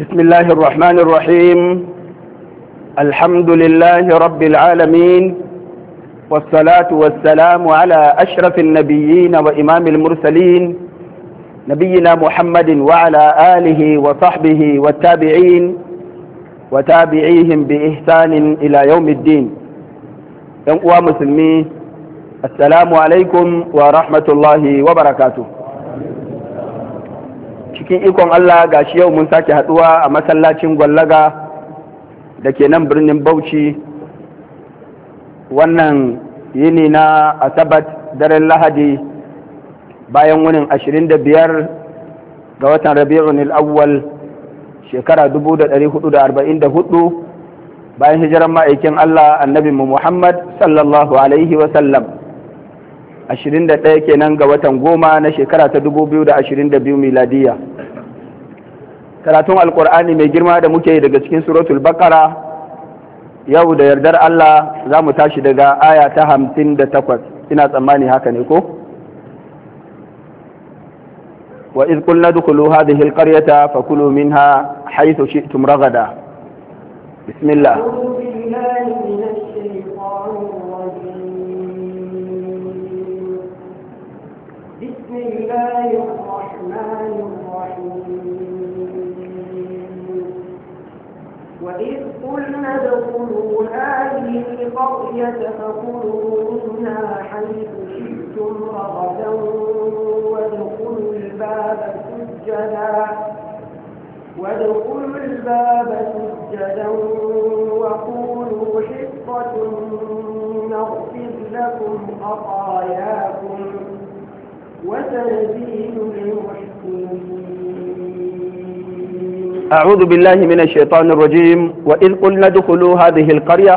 بسم الله الرحمن الرحيم الحمد لله رب العالمين والصلاة والسلام على أشرف النبيين وإمام المرسلين نبينا محمد وعلى آله وصحبه والتابعين وتابعيهم بإحسان إلى يوم الدين يوم مسلمين السلام عليكم ورحمة الله وبركاته cikin ikon Allah gashi yau mun sake haduwa a masallacin gwallaga da ke nan birnin Bauchi wannan yini na Asabat daren Lahadi bayan wunin 25 ga watan Rabi'un al-Awwal shekara 1444 bayan hijiran ma'aikin Allah annabi Muhammad sallallahu alaihi wa sallam 21 kenan ga watan goma na shekara ta 2022 miladiya karatun Alƙur'ani mai girma da muke daga cikin suratul bakara yau da yardar Allah za mu tashi daga aya ta hamsin da takwas ina tsammani haka ne ko wa iz qulna dkhulu hadhihi alqaryata fakulu minha haythu shi'tum ragada bismillah الله الرحمن الرحيم وإذ قلنا ادخلوا هذه القرية فكلوا منها حيث شئتم رغدا وادخلوا الباب سجدا وادخلوا الباب سجدا وقولوا حطة نغفر لكم خطاياكم أعوذ بالله من الشيطان الرجيم وإذ قلنا ادخلوا هذه القرية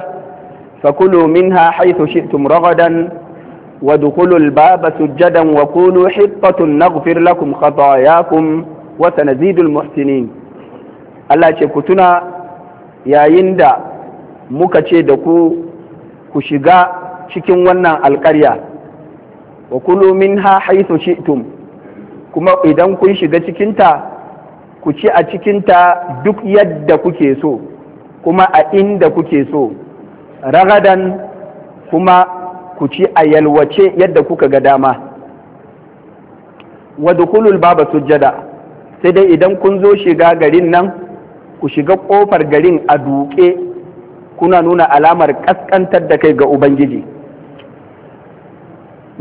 فكلوا منها حيث شئتم رغدا وادخلوا الباب سجدا وقولوا حطة نغفر لكم خطاياكم وسنزيد المحسنين الله ce يا يندا yayin da muka ce da wa kulu haiso shi shi'tum kuma idan kun shiga cikinta ku ci a cikinta duk yadda kuke so kuma a inda kuke so ragadan kuma ku ci a yalwace yadda kuka ga dama wa dukulul baba sujjada sai dai idan kun zo shiga garin nan ku shiga kofar garin a duke kuna nuna alamar kaskantar da kai ga ubangiji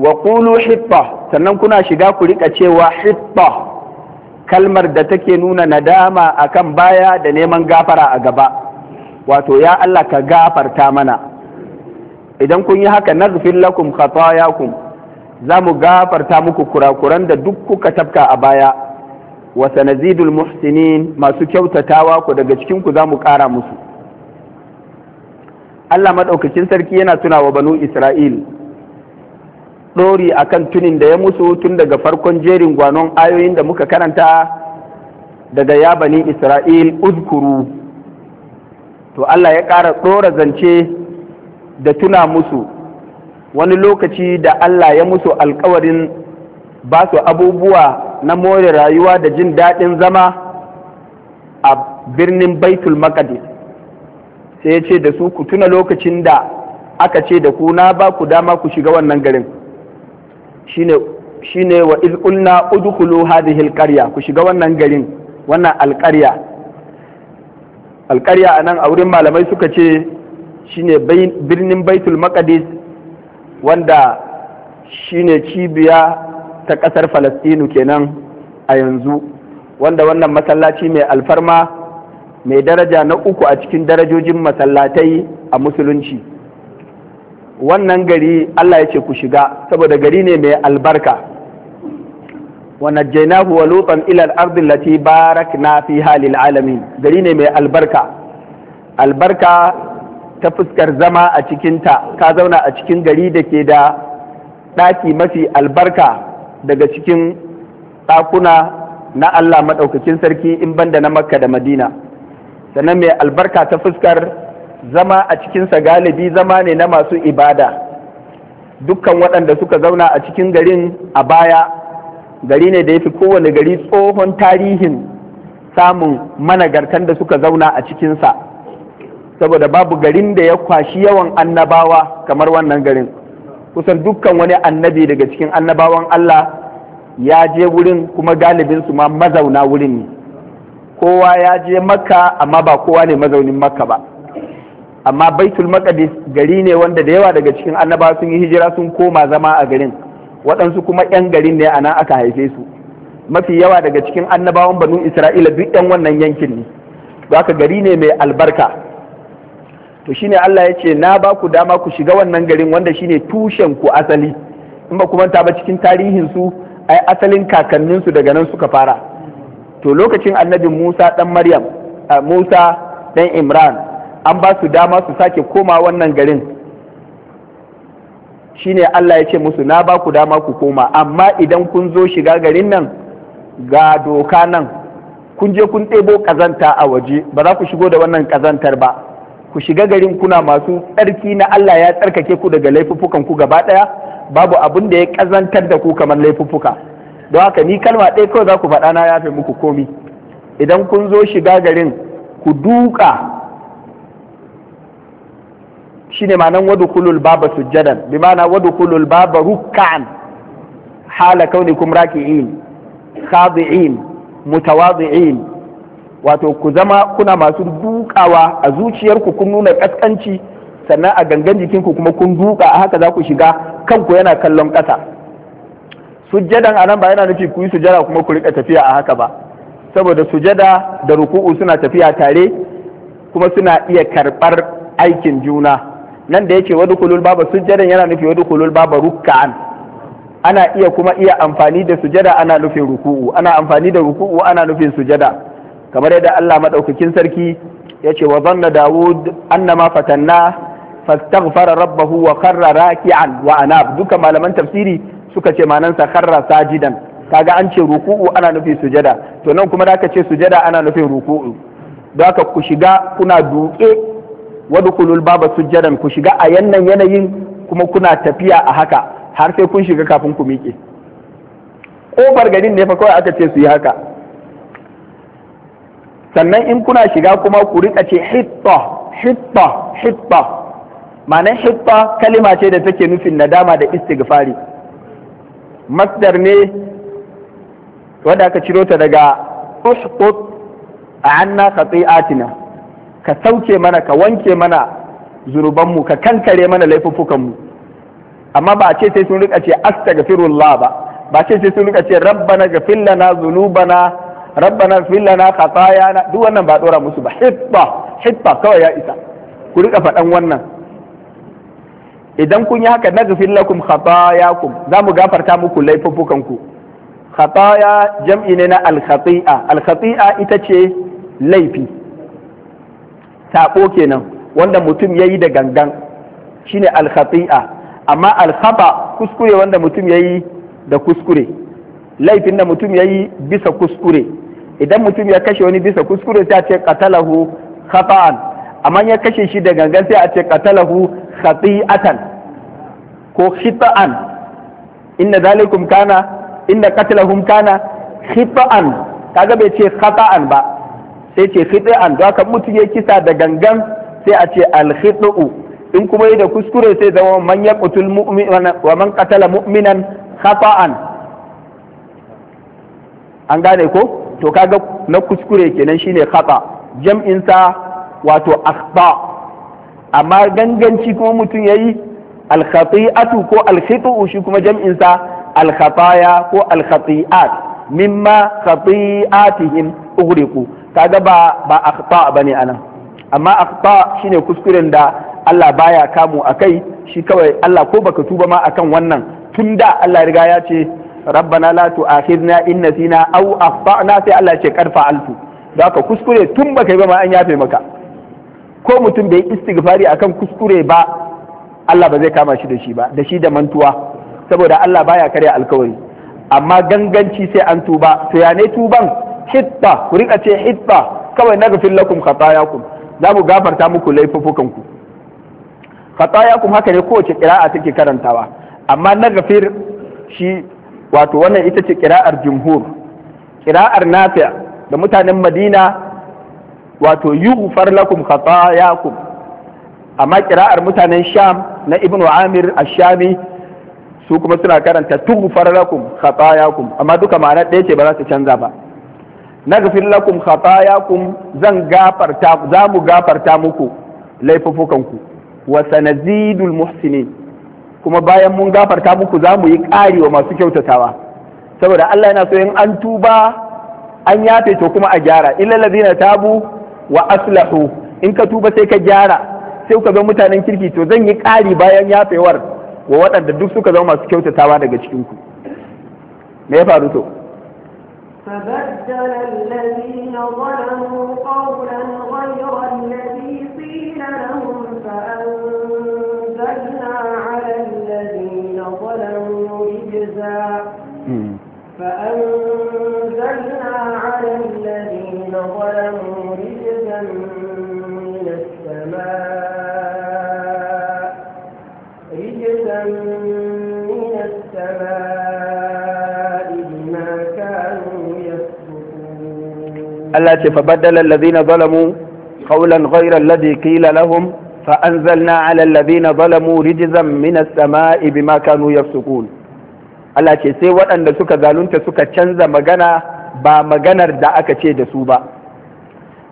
wa qulu hippa sannan kuna shiga ku rika cewa hippa kalmar da take nuna nadama a kan baya da neman gafara a gaba wato ya Allah ka gafarta mana idan kun yi haka naghfir lakum khatayakum za mu gafarta muku kurakuran da duk kuka tafka a baya wa sanazidul muhsinin masu kyautatawa ku daga cikin ku za mu ƙara musu Allah Maɗaukacin sarki yana tunawa banu Isra'il ɗori a kan tunin da ya musu tun daga farkon jerin gwanon ayoyin da muka karanta daga ya bani isra'il uzkuru to Allah ya ƙara ɗora zance da tuna musu wani lokaci da Allah ya musu alkawarin ba su abubuwa na more rayuwa da jin daɗin zama a birnin baitul maqdis sai ya ce da su ku tuna lokacin da aka ce da ku na ba ku dama ku shiga wannan garin shine wa izkulna qulna udkhulu hadhihi alqarya ku shiga wannan garin wannan alqarya alqarya anan a wurin malamai suka ce shine birnin baitul maqdis wanda shine cibiya ta kasar falastinu kenan a yanzu wanda wannan masallaci mai alfarma mai daraja na uku a cikin darajojin masallatai a musulunci wannan gari Allah ya ce ku shiga saboda gari ne mai albarka wannan jainahu wa lutan ilal ardin lati barak na fi halil alamin gari ne mai albarka albarka ta fuskar zama a cikinta ka zauna a cikin gari da ke da ɗaki mafi albarka daga cikin ɗakuna na Allah maɗaukakin sarki in banda na makka da madina sannan mai albarka ta fuskar zama a cikinsa galibi zama ne na masu ibada dukkan waɗanda suka zauna a cikin garin a baya gari ne da ya fi kowane gari tsohon tarihin samun managartan da suka zauna a cikinsa saboda babu garin da ya kwashi yawan annabawa kamar wannan garin kusan dukkan wani annabi daga cikin annabawan Allah ya je wurin kuma galibin su ma mazauna wurin ne kowa ya je makka amma ba kowa ne mazaunin makka ba amma baitul maqdis gari ne wanda da yawa daga cikin annaba sun yi hijira sun koma zama a garin waɗansu kuma 'yan garin ne a nan aka haife su mafi yawa daga cikin annabawan banu isra'ila duk 'yan wannan yankin ne haka gari ne mai albarka to shine Allah ya ce na ba ku dama ku shiga wannan garin wanda shine tushen ku asali in ba ku manta ba cikin tarihin su ai asalin kakannin su daga nan suka fara to lokacin annabi Musa dan Maryam Musa dan Imran an ba su dama su sake koma wannan garin shine Allah ya ce musu na ba ku dama ku koma amma idan kun zo shiga garin nan ga doka nan kun je kun ɗebo ƙazanta a waje ba za ku shigo da wannan ƙazantar ba ku shiga garin kuna masu tsarki na Allah ya tsarkake ku daga laifuffukan ku gaba ɗaya babu abin da ya ƙazantar da ku kamar laifuffuka don haka ni kalma ɗaya kawai za ku faɗa na yafe muku komi idan kun zo shiga garin ku duka shine wadu kulul baba sujjadan bi wadu kulul baba rukkan hala kum raki'in khadi'in mutawadi'in wato ku zama kuna masu dukawa a zuciyarku kun nuna kaskanci sannan a gangan jikinku kuma kun duka a haka za ku shiga kanku yana kallon ƙasa sujjadan anan ba yana nufi ku yi sujjada kuma ku rika tafiya a haka ba saboda sujjada da ruku'u suna tafiya tare kuma suna iya karɓar aikin juna nan da yake wadu kulul baba sujjadan yana nufi wadu kulul baba rukka'an ana iya kuma iya amfani da sujada ana nufin ruku'u ana amfani da ruku'u ana nufin sujada kamar yadda Allah madaukakin sarki yace wa zanna dawud annama fatanna fastaghfara rabbahu wa kharra raki'an wa anab duka malaman tafsiri suka ce sa kharra sajidan kaga an ce ruku'u ana nufin sujada to nan kuma da ka ce sujada ana nufin ruku'u da ka ku shiga kuna duke kulul baba sujjadan ku shiga a yannan yanayin kuma kuna tafiya a haka har sai kun shiga kafin ku miƙe Ƙofar ganin ne fa kawai aka ce su yi haka sannan in kuna shiga kuma ku rika ce hitta hitta hitta ma'anar hitta kalima ce da take nufin nadama da istighfari masdar ne wanda aka ciro ta daga ushqut anna khati'atina ka sauke mana ka wanke mana zunubanmu ka kankare mana laifuffukanmu amma ba a ce sai sun rika ce astaghfirullah ba ba ce sai sun rika ce rabbana ghfir lana zunubana rabbana ghfir lana khatayana duk wannan ba dora musu ba hibba hibba kawai ya isa ku rika faɗan wannan idan kun yi haka naghfir lakum khatayakum za mu gafarta muku laifuffukanku khataya jam'i ne na al-khati'a al-khati'a ita ce laifi sabo kenan wanda mutum yayi da gangan shine al khati'a amma al khata kuskure wanda mutum yayi da kuskure laifin da mutum yayi bisa kuskure idan mutum ya kashe wani bisa kuskure sai a ce qatalahu khata'an amma ya kashe shi da gangan sai a ce qatalahu khati'atan ko khita'an inna zalikum kana inna qatalahum kana khita'an kaga bai ce khata'an ba sai ce khidi an za ka mutu ya kisa da gangan sai a ce al in kuma yi da kuskure sai zama man ya qutul mu'mina wa man qatala mu'minan khata'an an gane ko to kaga na kuskure kenan shine khata jam'in sa wato akhta amma ganganci kuma mutum yayi al khati'atu ko al shi kuma jam'in sa al ko al mimma khati'atihim ughriqu kaga ba ba akhta bane anan amma akhta shine kuskuren da Allah baya kamu akai shi kawai Allah ko baka tuba ma akan wannan tunda Allah riga ya ce rabbana la tu'akhidna in nasina aw akhtana sai Allah ce karfa alfu da ka kuskure tun baka yi ba ma an yafe maka ko mutum bai istighfari akan kuskure ba Allah ba zai kama shi da shi ba da shi da mantuwa saboda Allah baya karya alkawari amma ganganci sai an tuba to ya ne tuban hitta ku rika ce hitta kawai na gafin lakum khatayakum za mu gafarta muku ku khatayakum haka ne kowace kira'a take karantawa amma na gafir shi wato wannan ita ce kira'ar jumhur kira'ar nafiya da mutanen madina wato yughfar lakum khatayakum amma kira'ar mutanen sham na ibnu amir ash-shami su kuma suna karanta tughfar lakum khatayakum amma duka ma'ana ɗaya ce ba za su canza ba naghfir lakum khatayakum zan gafarta za mu gafarta muku laifufukanku wa sanazidul muhsinin kuma bayan mun gafarta muku za mu yi ƙari wa masu kyautatawa saboda Allah yana so in an tuba an yafe to kuma a gyara illal ladina tabu wa aslahu in ka tuba sai ka gyara sai ka ga mutanen kirki to zan yi ƙari bayan yafewar wa waɗanda duk suka zama masu kyautatawa daga cikinku me ya faru to بدل الذين ظلموا قولا غير الذي قيل لهم فأنزلنا على الذين ظلموا رجزا فأنزلنا على الذين ظلموا رجزا من السماء Allah ce fa baddala allazina zalamu qawlan ghayra alladhi qila lahum fa anzalna ala allazina zalamu rijzan min as-sama'i bima kanu yafsukun Allah ce sai waɗanda suka zalunta suka canza magana ba maganar da aka ce da su ba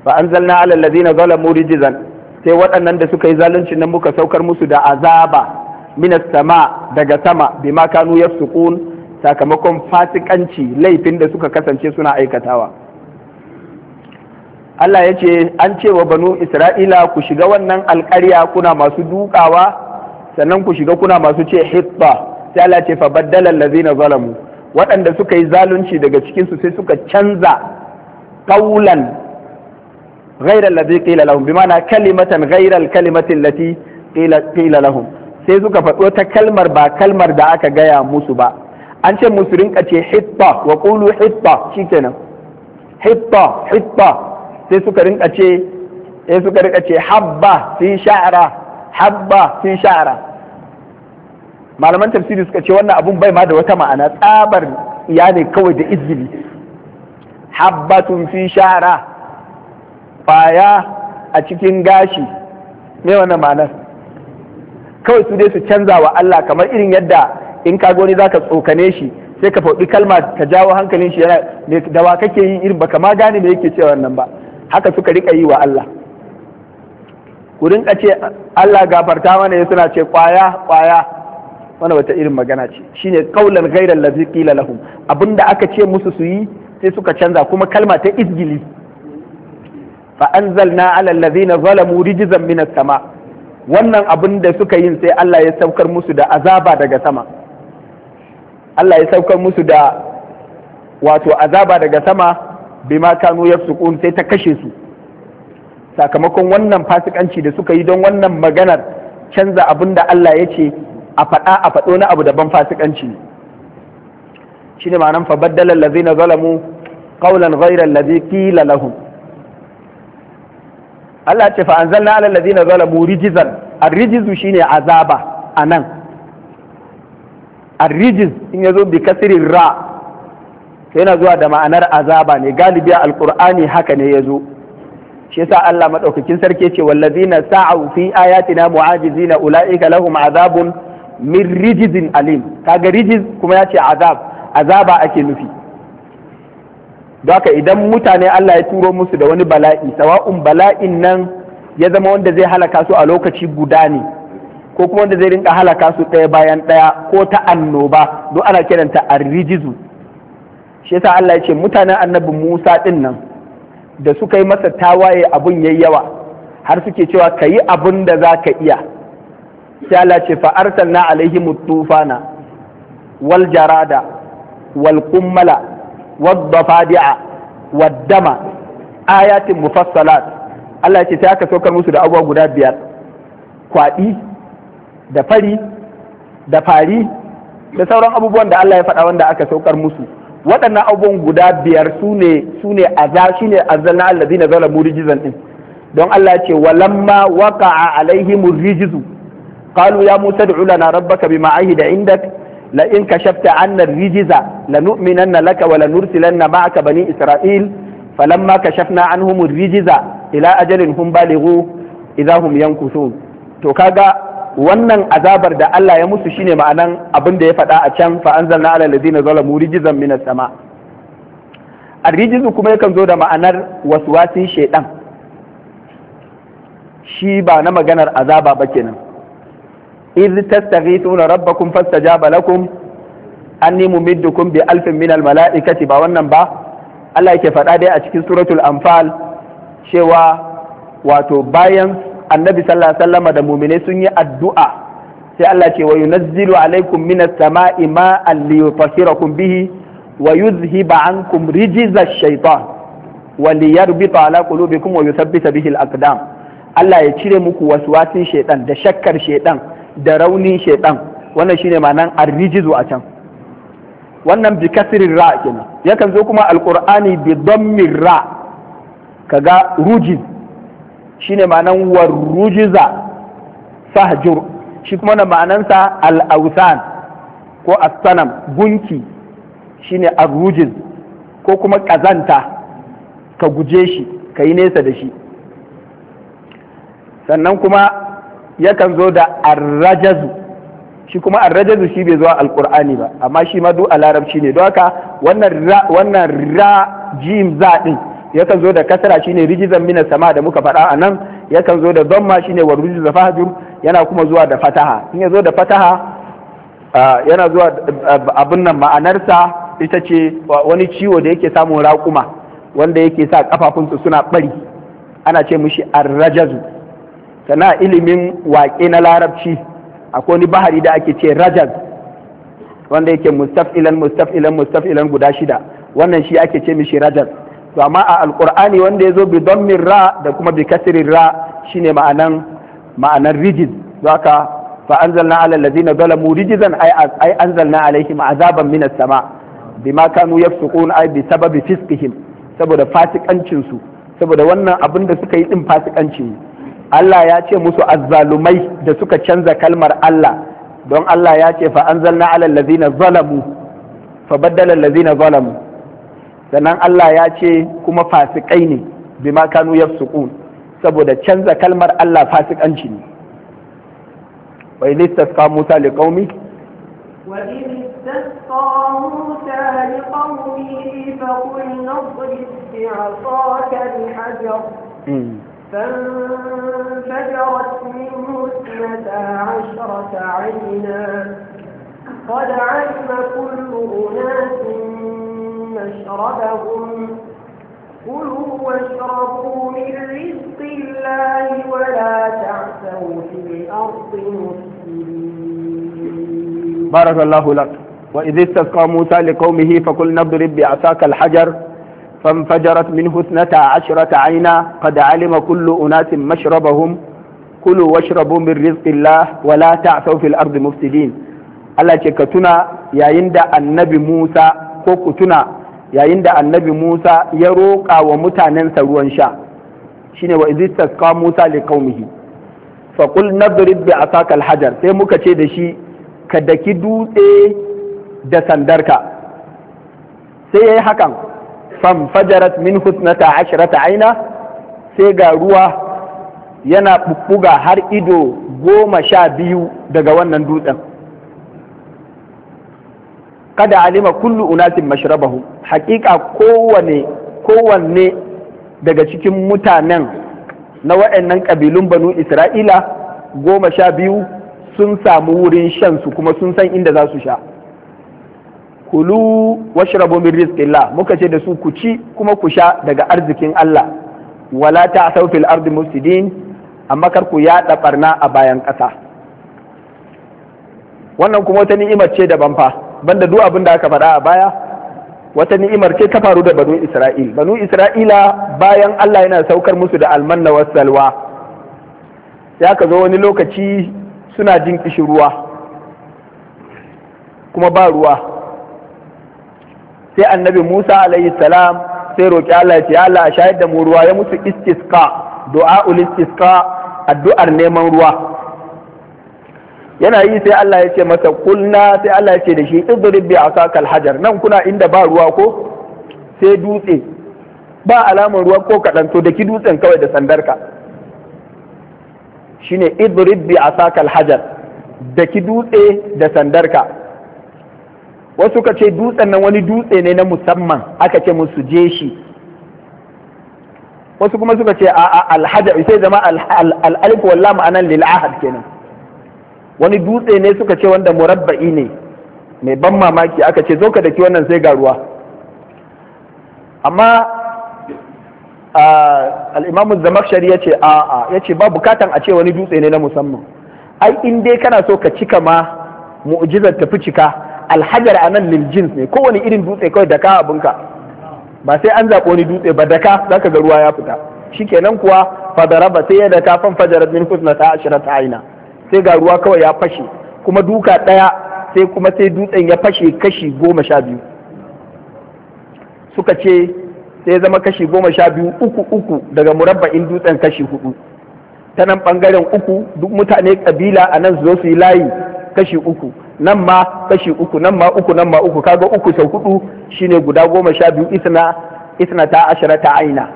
fa anzalna ala allazina zalamu rijzan sai waɗannan da suka yi zalunci nan muka saukar musu da azaba minas sama daga sama bima kanu yafsukun sakamakon fasikanci laifin da suka kasance suna aikatawa Allah ya ce an ce wa banu isra'ila ku shiga wannan alkarya kuna masu dukawa sannan ku shiga kuna masu ce hitba sai Allah ce fa baddala allazina zalamu waɗanda suka yi zalunci daga cikin su sai suka canza qawlan ghayra allazi qila lahum bima'ana kalimatan ghayra alkalimati allati qila qila lahum sai suka faɗo ta kalmar ba kalmar da aka gaya musu ba an ce musu rinka ce hitta wa qulu hitta shikenan hitta hitta sai suka rinka ce sai suka rinka ce habba fi sha'ara habba fi sha'ara malaman tafsiri suka ce wannan abun bai ma da wata ma'ana tsabar ya ne kawai da izini habbatun fi sha'ara kwaya a cikin gashi me wannan ma'anar kawai su dai su canza wa Allah kamar irin yadda in ka za zaka tsokane shi sai ka faɗi kalma ka jawo hankalin shi yana da wa kake yi irin baka ma gane me yake cewa wannan ba haka suka rika yi wa Allah ku rinka ce Allah gafarta mana ya suna ce kwaya kwaya wani wata irin magana ce shine kaulan ghairal ladzi qila lahum abinda aka ce musu su yi sai suka canza kuma kalma ta izgili fa anzalna ala allazina zalamu rijzan minas sama wannan abin da suka yin sai Allah ya saukar musu da azaba daga sama Allah ya saukar musu da wato azaba daga sama bima kanu yafsukun sai ta kashe su sakamakon wannan fasikanci da suka yi don wannan maganar canza abin da Allah ya ce a faɗa a faɗo na abu daban fasikanci ne shine ma'anan fa baddala allazina zalamu qawlan ghayra allazi qila lahum Allah ce fa anzalna ala allazina zalamu rijizan ar-rijizu shine azaba anan ar-rijiz in yazo bi kasirin ra to yana zuwa da ma'anar azaba ne galibi alqur'ani haka ne ya zo shi yasa Allah madaukakin sarki ce wallazina sa'u fi ayatina mu'ajizina ulaika lahum azabun min rijizin alim kaga rijiz kuma ya ce azab azaba ake nufi don haka idan mutane Allah ya turo musu da wani bala'i sawa'un bala'in nan ya zama wanda zai halaka su a lokaci guda ne ko kuma wanda zai rinka halaka su ɗaya bayan ɗaya ko ta annoba don ana kiranta rijizu. shi yasa Allah ya ce mutanen annabi Musa din nan da suka yi masa tawaye abun yayi yawa har suke cewa ka yi abun da za ka iya sai Allah ce fa arsalna alaihim tufana wal jarada wal kummala wad dafadi'a wad dama ayatin mufassalat Allah ce sai aka saukar musu da abubuwa guda biyar kwaɗi da fari da fari da sauran abubuwan da Allah ya faɗa wanda aka saukar musu waɗannan abubuwan guda biyar su ne su ne azal shi ne allazi na zala murijizan din don Allah ce walamma waqa'a alaihim rijizu qalu ya musa ud'u lana rabbaka bima ahida indak la in kashafta anna rijiza lanu'minanna laka wa lanursilanna ma'aka bani isra'il falamma kashafna anhum rijiza ila ajalin hum balighu idza hum yankusun to kaga wannan azabar da Allah ya musu shine ma'anan abin da ya faɗa a can fa anzalna ala alladhina zalamu rijzan minas sama arrijizu kuma yakan zo da ma'anar waswasin shaiɗan. shi ba na maganar azaba ba kenan iz tastaghithuna rabbakum fastajaba lakum anni mumiddukum bi alfin min al mala'ikati ba wannan ba Allah yake faɗa dai a cikin suratul anfal cewa wato bayan annabi sallallahu alaihi wasallam da mu'mine sun yi addu'a sai Allah ce wa yunazzilu alaikum minas sama'i ma'an liyutahhirakum bihi wa yuzhiba ankum rijza shaitan wa liyarbita ala qulubikum wa yuthabbita bihi al-aqdam Allah ya cire muku waswasin shaitan da shakkar shaitan da raunin shaitan wannan shine ma'anan ar a can wannan bi kasrin ra kenan yakan zo kuma alqur'ani bi dammir ra kaga rujiz shine ma'anan warrujiza fahjur shi kuma na ma'anansa al'ausan ko asanam gunki shine arrujiz ko kuma ƙazanta ka guje shi ka yi nesa da shi sannan kuma yakan zo da arrajazu shi kuma arrajazu shi bai zo a alkur'ani ba amma shi ma duk a larabci ne don haka wannan ra jim ɗin yakan zo da kasra shine rijizan minas sama da muka faɗa a nan yakan zo da dhamma shine wa rijza fahjur yana kuma zuwa da fataha in ya zo da fataha yana zuwa abin nan ma'anarsa ita ce wani ciwo da yake samun raƙuma wanda yake sa kafafunsu suna bari ana ce mushi arrajazu sana ilimin waƙe na larabci akwai wani bahari da ake ce rajaz wanda yake mustaf'ilan mustaf'ilan mustaf'ilan guda shida wannan shi ake ce mishi rajaz to amma a alqur'ani wanda ya zo bi dammin ra da kuma bi kasrin ra shine ma'anan ma'anan rijiz haka fa anzalna ala alladhina zalamu rijzan ay ay anzalna alaihim azaban min as-sama bima kanu yafsukun ay bi sababi fiskihim saboda fasikancin su saboda wannan abin da suka yi din fasikanci Allah ya ce musu azzalumai da suka canza kalmar Allah don Allah ya ce fa anzalna ala allazina zalamu fa baddala allazina zalamu sannan Allah ya ce kuma fasikai ne bima kanu yafsukun saboda canza kalmar Allah fasikanci ne wa idh Musa liqaumi wa استسقى موسى لقومه فقلنا اضرب بعصاك الحجر فانفجرت منه اثنتا عشرة عينا قد علم كل أناس مشربهم كلوا واشربوا من رزق الله ولا تعثوا في الأرض مفسدين بارك الله لك وإذ استسقى موسى لقومه فقلنا اضرب بعصاك الحجر فانفجرت منه اثنتا عشرة عينا قد علم كل أناس مشربهم كلوا واشربوا من رزق الله ولا تعثوا في الأرض مفسدين ألا ce يا يندى النبي موسى كوكتنا yayin da annabi Musa ya roƙa wa mutanensa ruwan sha shine wa izistas tasqa Musa li qaumihi faƙul na bi a sakal hajar sai muka ce da shi ka daki dutse da sandarka sai ya yi hakan fam fajarat min husnata ashirata aina sai ga ruwa yana bubbuga har ido goma sha biyu daga wannan dutsen kada alima kullu unatin mashrabahu hakika kowane kowanne daga cikin mutanen na wa'annan kabilun banu isra'ila goma sha biyu sun samu wurin shan su kuma sun san inda za su sha kulu washrabu min rizqillah muka ce da su ku ci kuma ku sha daga arzikin Allah wala ta'thaw fil ardi mufsidin amma kar ku yada barna a bayan kasa. wannan kuma wata ni'imar ce daban fa banda duk abin da aka faɗa a baya wata ni'imar ce ta faru da banu isra'il banu isra'ila bayan allah yana saukar musu da almanna wasu salwa ya ka zo wani lokaci suna jin kishin ruwa kuma ba ruwa sai annabi musa alayhi salam sai roƙi allah ya ce allah a shayar da mu ruwa ya musu istisqa du'a ul istisqa addu'ar neman ruwa yana yi sai Allah ya ce masa kulna sai Allah ya ce da shi idrib bi sakal hajar nan kuna inda ba ruwa ko sai dutse ba alamar ruwa ko kaɗan to da ki dutsen kawai da sandarka shine idrib bi sakal hajar da ki dutse da sandarka wasu ka ce dutsen nan wani dutse ne na musamman aka ce musu je shi wasu kuma suka ce a alhajar sai zama al'alif wallah ma'anan lil ahad kenan wani dutse ne suka ce wanda murabba'i ne mai ban mamaki aka ce zo ka daki wannan sai ga ruwa amma al'imamu zamakshari ya ce a'a ya ce ba bukatan a ce wani dutse ne na musamman ai in dai kana so ka cika ma mu'jizar tafi cika alhajar a nan liljins ne kowane irin dutse kawai da ka abinka ba sai an zaɓi wani dutse ba daka ka ga ruwa ya fita Shi shikenan kuwa fadara fadaraba sai ya daka fan fajarat min husna ta ashirata aina sai ga ruwa kawai ya fashe kuma duka ɗaya sai kuma sai dutsen ya fashe kashi goma sha biyu suka ce sai zama kashi goma sha biyu uku uku daga murabba'in dutsen kashi hudu ta nan ɓangaren uku duk mutane ƙabila a nan zo su yi layi kashi uku nan ma kashi uku nan ma uku nan ma uku kaga uku sau hudu shine guda goma sha biyu isna isna ta ashara ta aina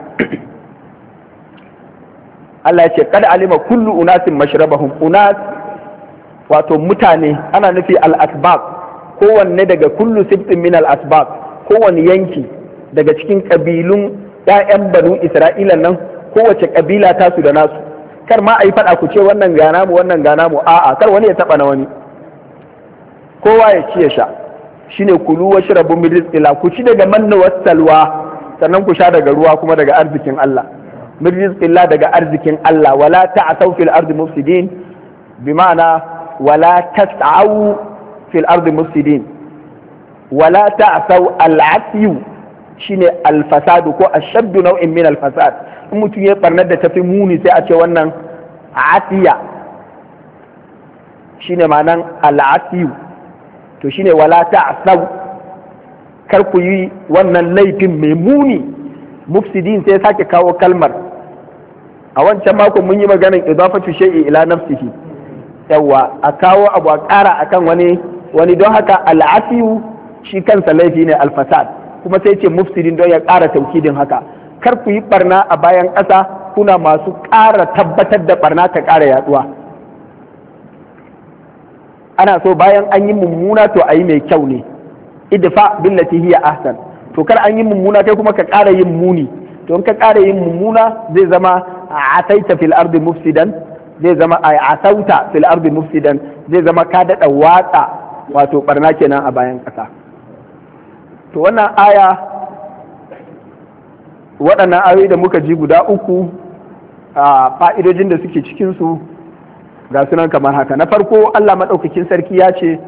Allah ya ce kada alima kullu unasin mashrabahum unas wato mutane ana nufi al-asbab kowanne daga kullu sibtin min al-asbab kowanne yanki daga cikin kabilun ƴaƴan banu Isra'ila nan kowace kabila ta su da nasu kar ma a yi faɗa ku ce wannan gana mu wannan gana mu a'a kar wani ya taba na wani kowa ya ci ya sha shine kulu wa shrabu min rizqillah ku ci daga manna wasalwa sannan ku sha daga ruwa kuma daga arzikin Allah min rizqillah daga arzikin Allah wala ta'tau fil ardi mufsidin bi ma'ana wala tas'au fil ardi mufsidin wala ta'tau al'asiyu shine alfasadu ko ashaddu nau'in min alfasad in mutum ya barnar da tafi muni sai a ce wannan asiya shine ma'anan al'asiyu to shine wala ta'tau kar ku yi wannan laifin mai muni mufsidin sai sake kawo kalmar a wancan makon mun yi maganar idafatu shay'i ila nafsihi yawa a kawo abu a kara akan wani wani don haka al'afiyu shi kansa laifi ne alfasad kuma sai ce mufsidin don ya kara taukidin haka kar ku yi barna a bayan ƙasa kuna masu ƙara tabbatar da barna ta ƙara yaduwa ana so bayan an yi mummuna to a mai kyau ne idfa billati hiya ahsan to kar an yi mummuna kai kuma ka ƙara yin muni to in ka ƙara yin mummuna zai zama ataita fil ardi mufsidan zai zama a asauta fil ardi mufsidan zai zama ka daɗa watsa wato barna kenan a bayan ƙasa to wannan aya waɗannan ayoyi da muka ji guda uku a fa'idojin da suke cikinsu ga sunan kamar haka na farko allah maɗaukakin sarki ya ce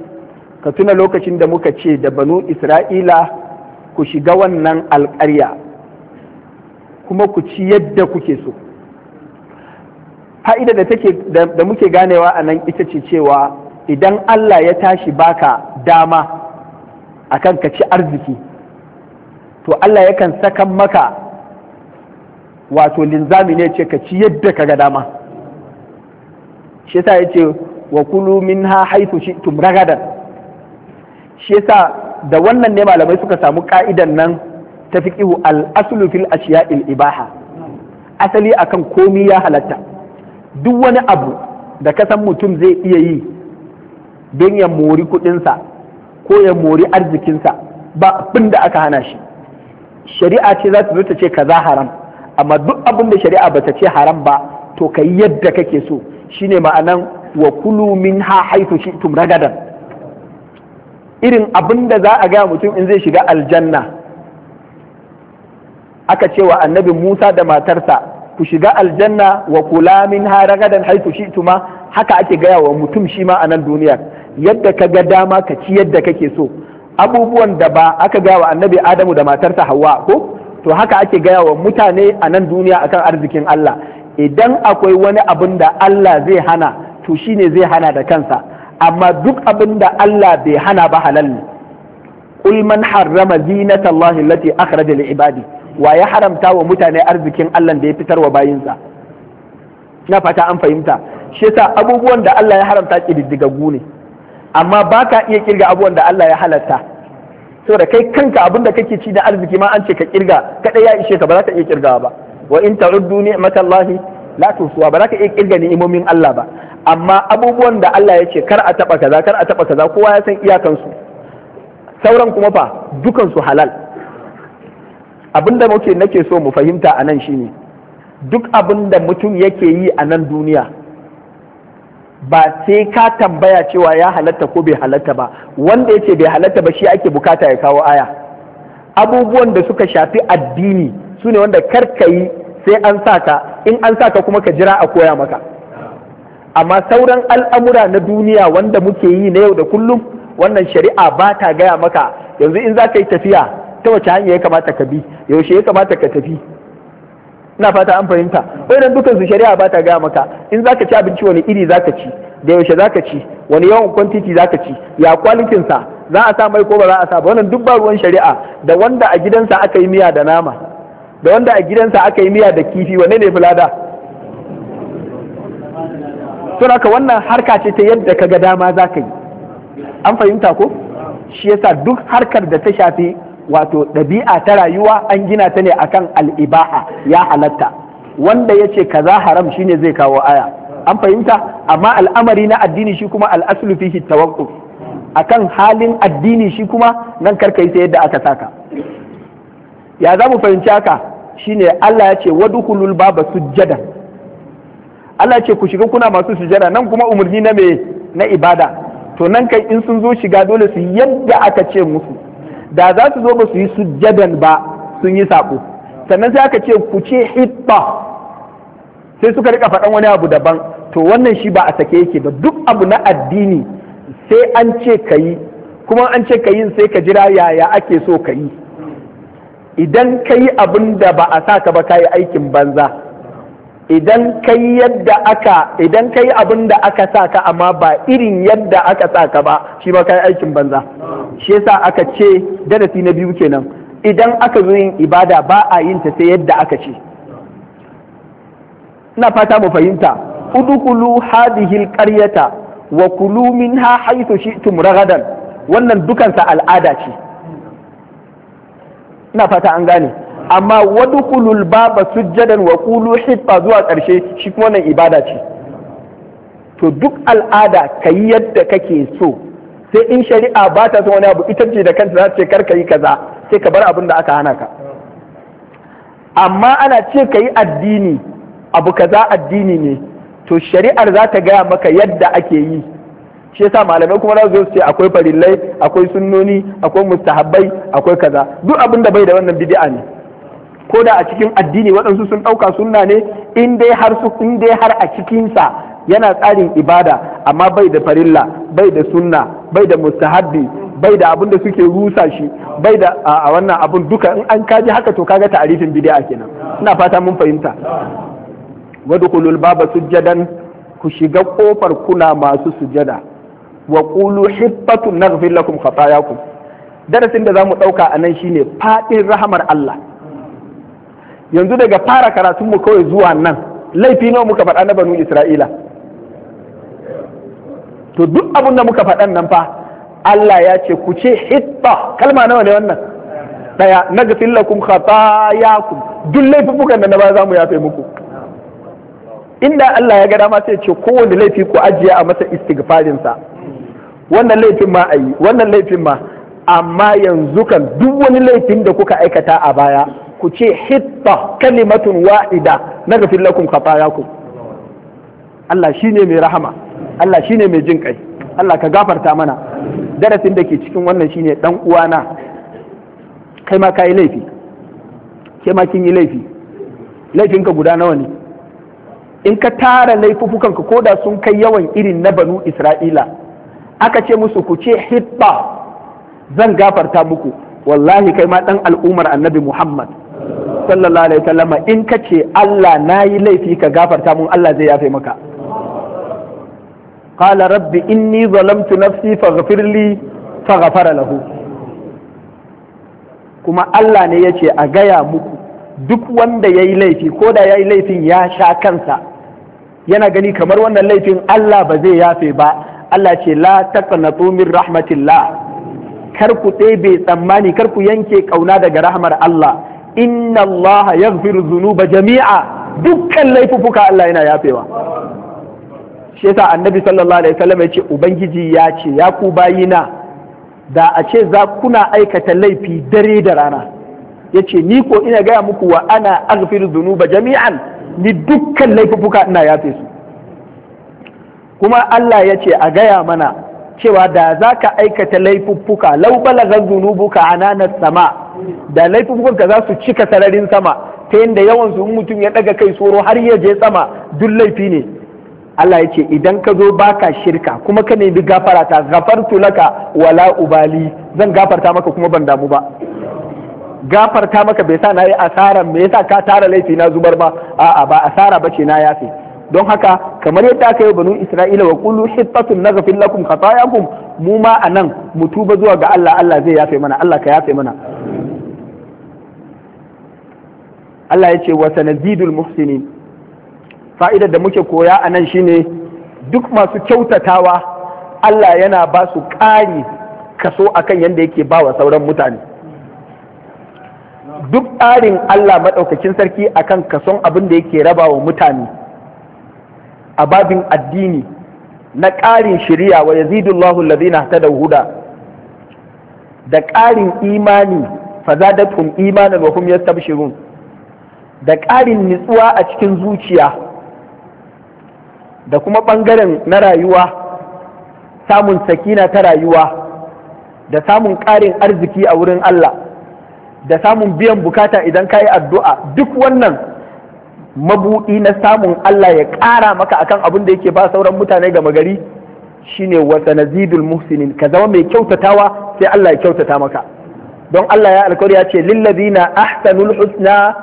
ka tuna lokacin da muka ce da banu isra'ila ku shiga wannan alƙarya kuma ku ci yadda kuke so fa'ida da take da muke ganewa a nan ita ce cewa idan Allah ya tashi baka dama akan ka ci arziki to Allah yakan sakan maka wato linzami ne ce ka ci yadda ka ga dama shi yasa ce wa kulu minha haythu shi'tum ragadan shi yasa da wannan ne malamai suka samu ka'idan nan ta ihu al aslu fil ashiya'il ibaha asali akan komi ya halatta duk wani abu da ka san mutum zai iya yi don ya mori kudinsa ko ya mori arzikinsa ba abin da aka hana shi shari'a ce za ta zo ta ce kaza haram amma duk abin da shari'a ba ta ce haram ba to ka yi yadda kake so shine ma'anan wa kulu min ha haitu tum ragadan irin abin da za a gaya mutum in zai shiga aljanna aka ce wa annabi Musa da matarsa ku shiga aljanna wa kula min ragadan haitu shi tuma haka ake gaya wa mutum shi ma a nan duniya yadda ka ga dama ka ci yadda kake so abubuwan da ba aka gaya wa annabi adamu da matarsa hawa ko to haka ake gaya wa mutane a nan duniya akan arzikin Allah idan akwai wani abin da Allah zai hana to shine zai hana da kansa amma duk abin da Allah bai hana ba halal ne qul man harrama zinata Allah allati akhraja li ibadi wa ya haramta wa mutane arzikin Allah da ya fitar wa bayinsa na fata an fahimta shi yasa abubuwan da Allah ya haramta kididdigaggu ne amma ba ka iya kirga abubuwan da Allah ya halatta saboda kai kanka abin da kake ci da arziki ma an ce ka kirga Kaɗai ya ishe ka ba za ka iya kirga ba wa in ta'uddu Allah la tusuwa ba za ka iya kirga ni'imomin Allah ba amma abubuwan da Allah ya ce kar a taba kaza kar a taba kaza kowa ya san iyakansu sauran kuma fa dukansu halal Abin da muke nake so mu fahimta a nan shine duk da mutum yake yi a nan duniya ba sai ka tambaya cewa ya halatta ko bai halatta ba wanda ya bai halatta ba shi ake bukata ya kawo aya abubuwan da suka shafi addini su ne wanda karkayi sai an sa ka in an sa ka kuma ka jira a koya maka amma sauran al'amura na duniya wanda muke yi na yau da kullum wannan shari'a ba ta gaya maka yanzu in za ka yi tafiya ta wace hanya ya kamata ka bi yaushe ya kamata ka tafi ina fata an fahimta wannan dukan su shari'a ba ta gaya maka in zaka ci abinci wani iri zaka ci da yaushe zaka ci wani yawan kwantiti zaka ci ya kwalitin sa za a sa mai ko ba za a sa ba wannan duk ba ruwan shari'a da wanda a gidansa aka yi miya da nama da wanda a gidansa aka yi miya da kifi wanne ne fulada to ka wannan harka ce ta yadda ka ga dama za ka yi an fahimta ko shi yasa duk harkar da ta shafi wato ɗabi'a ta rayuwa an gina ta ne akan al'ibaha ya halatta wanda ya ce kaza haram shine zai kawo aya an fahimta amma al'amari na addini shi kuma al'aslu fihi A akan halin addini shi kuma nan karka yi ta yadda aka saka ya za mu fahimci haka shine Allah ya ce wadkhulul baba sujjada Allah ya ce ku shiga kuna masu sujjada nan kuma umarni na me na ibada to nan kai in sun zo shiga dole su yadda aka ce musu da za su zo ba su yi sujjadan ba sun yi saƙo. sannan sai aka ce ku ce hitta sai suka rika faɗan wani abu daban to wannan shi ba a sake yake ba duk abu na addini sai an ce ka yi kuma an ce ka yin sai ka jira yaya ake so ka yi idan ka yi abin da ba a sa ka ba ka yi aikin banza idan ka yi yadda aka idan ka yi abin da aka sa ka amma ba irin yadda aka sa ka ba shi ba ka yi aikin banza shi yasa aka ce darasi na biyu kenan idan aka zo yin ibada ba a yin ta sai yadda aka ce ina fata mu fahimta udkhulu hadhihi alqaryata wa kulu minha haythu shi'tum ragadan wannan dukansa al'ada ce ina fata an gane amma wadkhulul baba sujjadan wa qulu hifa zuwa karshe shi kuma wannan ibada ce to duk al'ada kayi yadda kake so sai in shari'a ba ta son wani abu ita ce da kanta za ce kar ka yi kaza sai ka bar abin da aka hana ka amma ana ce ka yi addini abu kaza addini ne to shari'ar za ta gaya maka yadda ake yi shi yasa malamai kuma za su ce akwai farillai akwai sunnoni akwai mustahabbai akwai kaza duk abin da bai da wannan bid'a ne ko da a cikin addini waɗansu sun ɗauka sunna ne in dai har a cikinsa yana tsarin ibada amma bai da farilla bai da sunna bai da mustahabbi bai da abin da suke rusa shi bai da a wannan abun duka in an kaji haka to kaga ta'arifin bid'a kenan ina fata mun fahimta wadkhulul baba sujjadan ku shiga kofar kuna masu sujada wa qulu hibbatu naghfir lakum khatayakum darasin da zamu dauka anan shine fadin rahamar Allah yanzu daga fara karatun mu kawai zuwa nan laifi nawa muka faɗa na banu Isra'ila to duk abin da muka faɗan nan fa Allah ya ce ku ce hitta kalma nawa ne wannan daya naghfir lakum khatayakum duk laifukan da na ba za mu yafe muku inda Allah ya ga dama sai ce kowane laifi ku ajiye a masa istighfarin sa wannan laifin ma ayi wannan laifin ma amma yanzu kan duk wani laifin da kuka aikata a baya ku ce hitta kalimatun wa'ida naghfir lakum khatayakum Allah shine mai rahama Allah shi ne mai jin kai Allah ka gafarta mana darasin da ke cikin wannan shine dan uwana kai ma ka yi laifi kai ma kin yi laifi laifinka guda nawa ne in ka tara laifufukanka ko da sun kai yawan irin na banu isra'ila aka ce musu ku ce hibba zan gafarta muku wallahi kai ma ɗan al'ummar annabi muhammad sallallahu alaihi wasallam in ka ce Allah na yi laifi ka gafarta mun Allah zai yafe maka قال rabbi inni ظلمت نفسي فاغفر لي فغفر له kuma Allah ne yace a gaya muku duk wanda yayi laifi ko da yayi laifin ya sha kansa yana gani kamar wannan laifin Allah ba zai yafe ba Allah ce la taqnatu min rahmatillah kar ku ɗebe tsammani kar ku yanke kauna daga rahmar Allah inna Allah yaghfiru dhunuba jami'a dukkan laifuka Allah yana yafewa shi yasa annabi sallallahu alaihi wasallam ya ce ubangiji ya ce ya ku bayina da a ce za kuna aikata laifi dare da rana ya ce ni ko ina gaya muku wa ana aghfiru dhunuba jami'an ni dukkan laifuka ina yafe su kuma Allah ya ce a gaya mana cewa da za ka aikata laifuffuka lau balagha zunubuka a sama da laifuffukanka za su cika sararin sama ta yadda yawan su mutum ya daga kai tsoro har ya je sama duk laifi ne Allah ya ce idan ka zo baka shirka kuma ka nemi gafara ta gafartu laka wala ubali zan gafarta maka kuma ban damu ba gafarta maka bai sa nayi asara me yasa ka tara laifi na zubar ba a'a ba asara bace na yafe don haka kamar yadda aka yi banu isra'ila wa qulu hittatun naghfir lakum khatayakum mu ma anan mu tuba zuwa ga Allah Allah zai yafe mana Allah ka yafe mana Allah ya ce wa sanazidul muhsinin fa'idar da muke koya a nan shine duk masu kyautatawa Allah yana ba su ƙari kaso akan yadda yake ba wa sauran mutane duk ƙarin Allah maɗaukakin sarki akan kason abin da yake raba wa mutane a babin addini na ƙarin shirya wa yazidullahu ta da huda da ƙarin imani fazadatum imanin wa hum bishirun, da ƙarin nitsuwa a cikin zuciya da kuma ɓangaren na rayuwa samun sakina ta rayuwa da samun ƙarin arziki a wurin Allah da samun biyan bukata idan ka yi addu'a duk wannan mabuɗi na samun Allah ya ƙara maka akan abin da yake ba sauran mutane gama gari shine wata nazidul muhsinin ka zama mai kyautatawa sai Allah ya kyautata maka don Allah ya alkawari ya ce lillazina ahsanul husna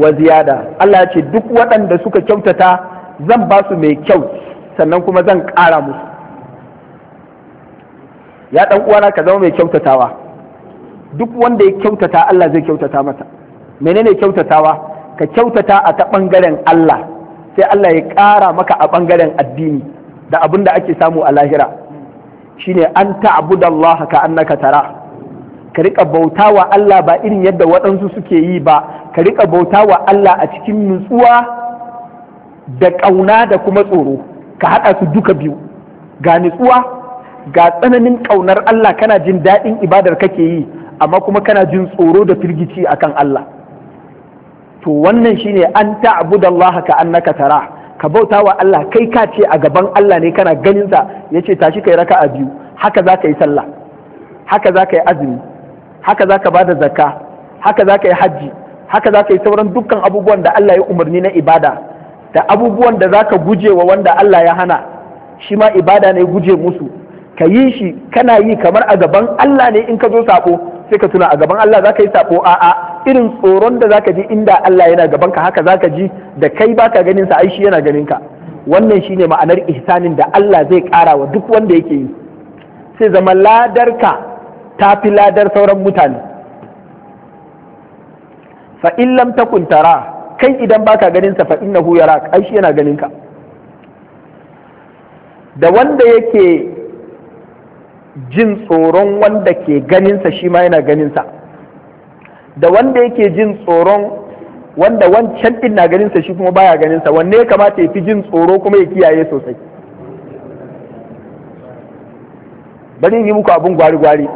wa ziyada Allah ya ce duk waɗanda suka kyautata zan ba su mai kyau sannan kuma zan ƙara musu ya ɗan uwana ka zama mai kyautatawa duk wanda ya kyautata Allah zai kyautata mata. menene kyautatawa ka kyautata a ta ɓangaren Allah sai Allah ya ƙara maka a ɓangaren addini da abin da ake samu a lahira shine an ta'budallaha ka annaka tara ka riƙa bauta wa Allah ba irin yadda waɗansu suke yi ba ka riƙa bauta wa Allah a cikin nutsuwa da ƙauna da kuma tsoro ka haɗa su duka biyu ga nutsuwa ga tsananin ƙaunar Allah kana jin daɗin ibadar kake yi amma kuma kana jin tsoro da firgici akan Allah to wannan shine an ta'budallaha ka annaka tara ka bauta wa Allah kai ka ce a gaban Allah ne kana ganin sa yace tashi raka a biyu haka za ka yi sallah haka za ka yi azumi haka za ka ba da zakka haka za ka yi hajji haka za ka yi sauran dukkan abubuwan da Allah ya umarni na ibada da abubuwan da zaka guje wa wanda Allah ya hana shi ma ibada ne guje musu ka yi shi kana yi kamar a gaban Allah ne in ka zo sako sai ka tuna a gaban Allah zaka yi sako a'a irin tsoron da zaka ji inda Allah yana gaban ka haka zaka ji da kai baka ganin sa ai shi yana ganin ka wannan shine ma'anar ihsanin da Allah zai kara wa duk wanda yake yi sai zama ladarka ta fi ladar sauran mutane fa in lam kai idan baka ganin sa fa innahu yarak ai shi yana ganin ka da wanda yake jin tsoron wanda ke ganin sa shi ma yana ganin sa. da wanda yake jin tsoron wanda wancan ɗin na ganin sa. shi kuma baya sa. wanne ya kamata ya fi jin tsoro kuma ya kiyaye sosai bari yi muku abin gwari-gwari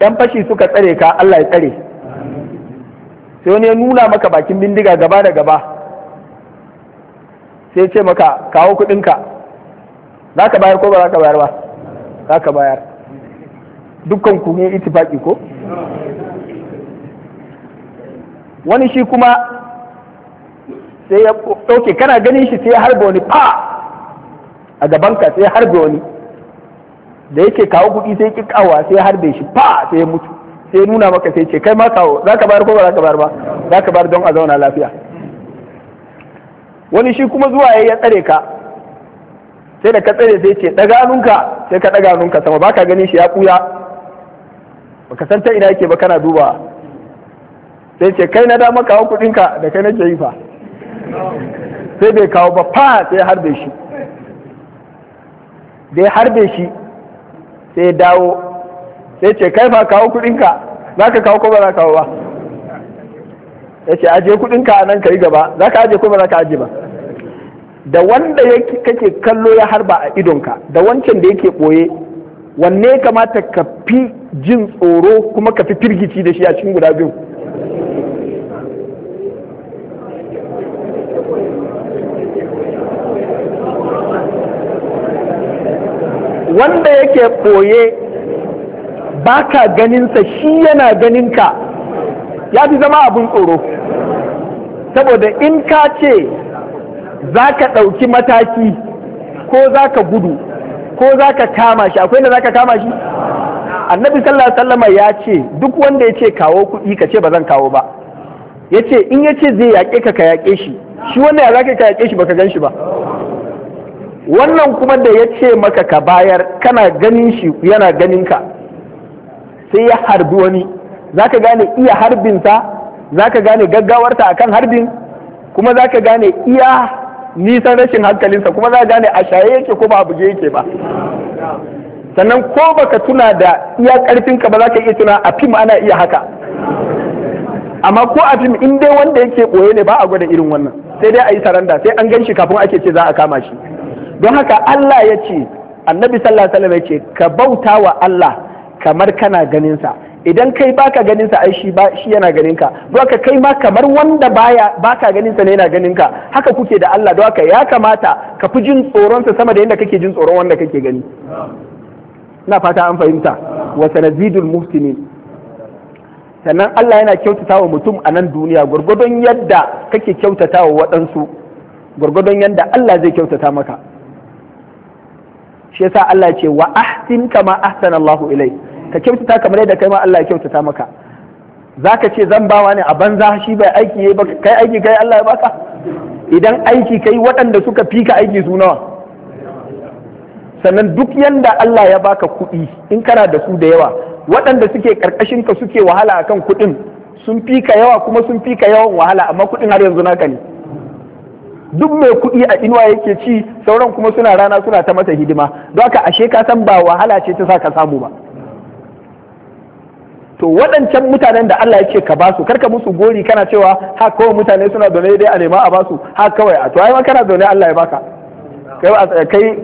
‘yan fashi suka tsare ka Allah ya tsare sai wani ya nuna maka bakin bindiga gaba da gaba sai ce maka kawo kudinka za ka bayar ko ba za ka bayar ba za ka bayar dukkan ku ne itifaki ko wani shi kuma sai ya ɗauke kana ganin shi sai ya harbe wani fa a gabanka sai ya harbe wani da yake kawo kuɗi sai ya ƙiƙawa sai ya harbe shi fa sai ya mutu sai nuna maka sai ce kai ma kawo za ka bayar ko ba za ka bayar ba za ka bayar don a zauna lafiya wani shi kuma zuwa ya tsare ka sai da ka tsare sai ce daga hannunka sai ka daga hannunka sama ba ka ganin shi ya kuya baka san ta ina yake ba kana duba sai ce kai na da maka kawo kudinka da kai na ce sai bai kawo ba fa sai harbe shi dai harbe shi sai dawo sai ce kai fa kawo kuɗinka za ka kawo ko ba za kawo ba ya ce aje kudinka a nan ka yi gaba za ka aje ko ba za ka aje ba da wanda kake kallo ya harba a idonka da wancan da yake ɓoye wanne kamata ka fi jin tsoro kuma ka fi firgici da shi a cikin guda biyu wanda yake ɓoye ba ka ganinsa shi yana ganinka ya fi zama abin tsoro saboda in ka ce za ka ɗauki mataki ko za ka gudu ko za ka kama shi akwai da za ka kama shi annabi sallallahu sallama ya ce duk wanda ya ce kawo kuɗi ka ce ba zan kawo ba ya ce in ya ce zai yaƙe ka ka yaƙe shi shi wannan ya za ka yaƙe shi baka gan shi ba wannan kuma da ya ce maka ka bayar kana ganin shi yana ganin ka sai ya harbi wani za ka gane iya harbinsa ka gane gaggawarta a kan harbin kuma za ka gane iya nisan rashin hankalinsa kuma za ka gane a shaye yake ko ba a buge yake ba sannan ko baka tuna da iya karfinka ba za ka iya tuna a fim ana iya haka amma ko a fim in dai wanda yake ɓoye ne ba a gwada irin wannan sai dai a yi saranda sai an gan shi kafin ake ce za a kama shi don haka Allah ya ce annabi sallallahu alaihi ya ce ka bauta wa Allah kamar kana ganinsa idan kai baka ganinsa ai shi ba shi yana ganinka don haka kai ma kamar wanda baya baka ganinsa ne yana ganinka haka kuke da Allah don haka ya kamata ka fi jin tsoronsa sama da yadda kake jin tsoron wanda kake gani ina fata an fahimta wa sanazidul muhsinin sannan Allah yana kyautata wa mutum a nan duniya gwargwadon yadda kake kyautata wa waɗansu gwargwadon yadda Allah zai kyautata maka shi yasa Allah ce wa ahsin kama ahsana Allahu ilai ka kyautata kamar yadda kai ma Allah ya kyautata maka zaka ce zan bawa wani a banza shi bai aiki yayi ba kai aiki kai Allah ya baka idan aiki kai waɗanda suka fika aiki su nawa sannan duk yanda Allah ya baka kuɗi in kana da su da yawa waɗanda suke karkashin ka suke wahala akan kuɗin sun fika yawa kuma sun fi ka yawan wahala amma kuɗin har yanzu naka ne duk mai kuɗi a inuwa yake ci sauran kuma suna rana suna ta masa hidima don haka ashe ka san ba wahala ce ta sa ka samu ba to waɗancan mutanen da Allah yake ka basu karka musu gori kana cewa ha kawai mutane suna zaune dai a nema a basu ha kawai a to ai ma kana zaune Allah ya baka kai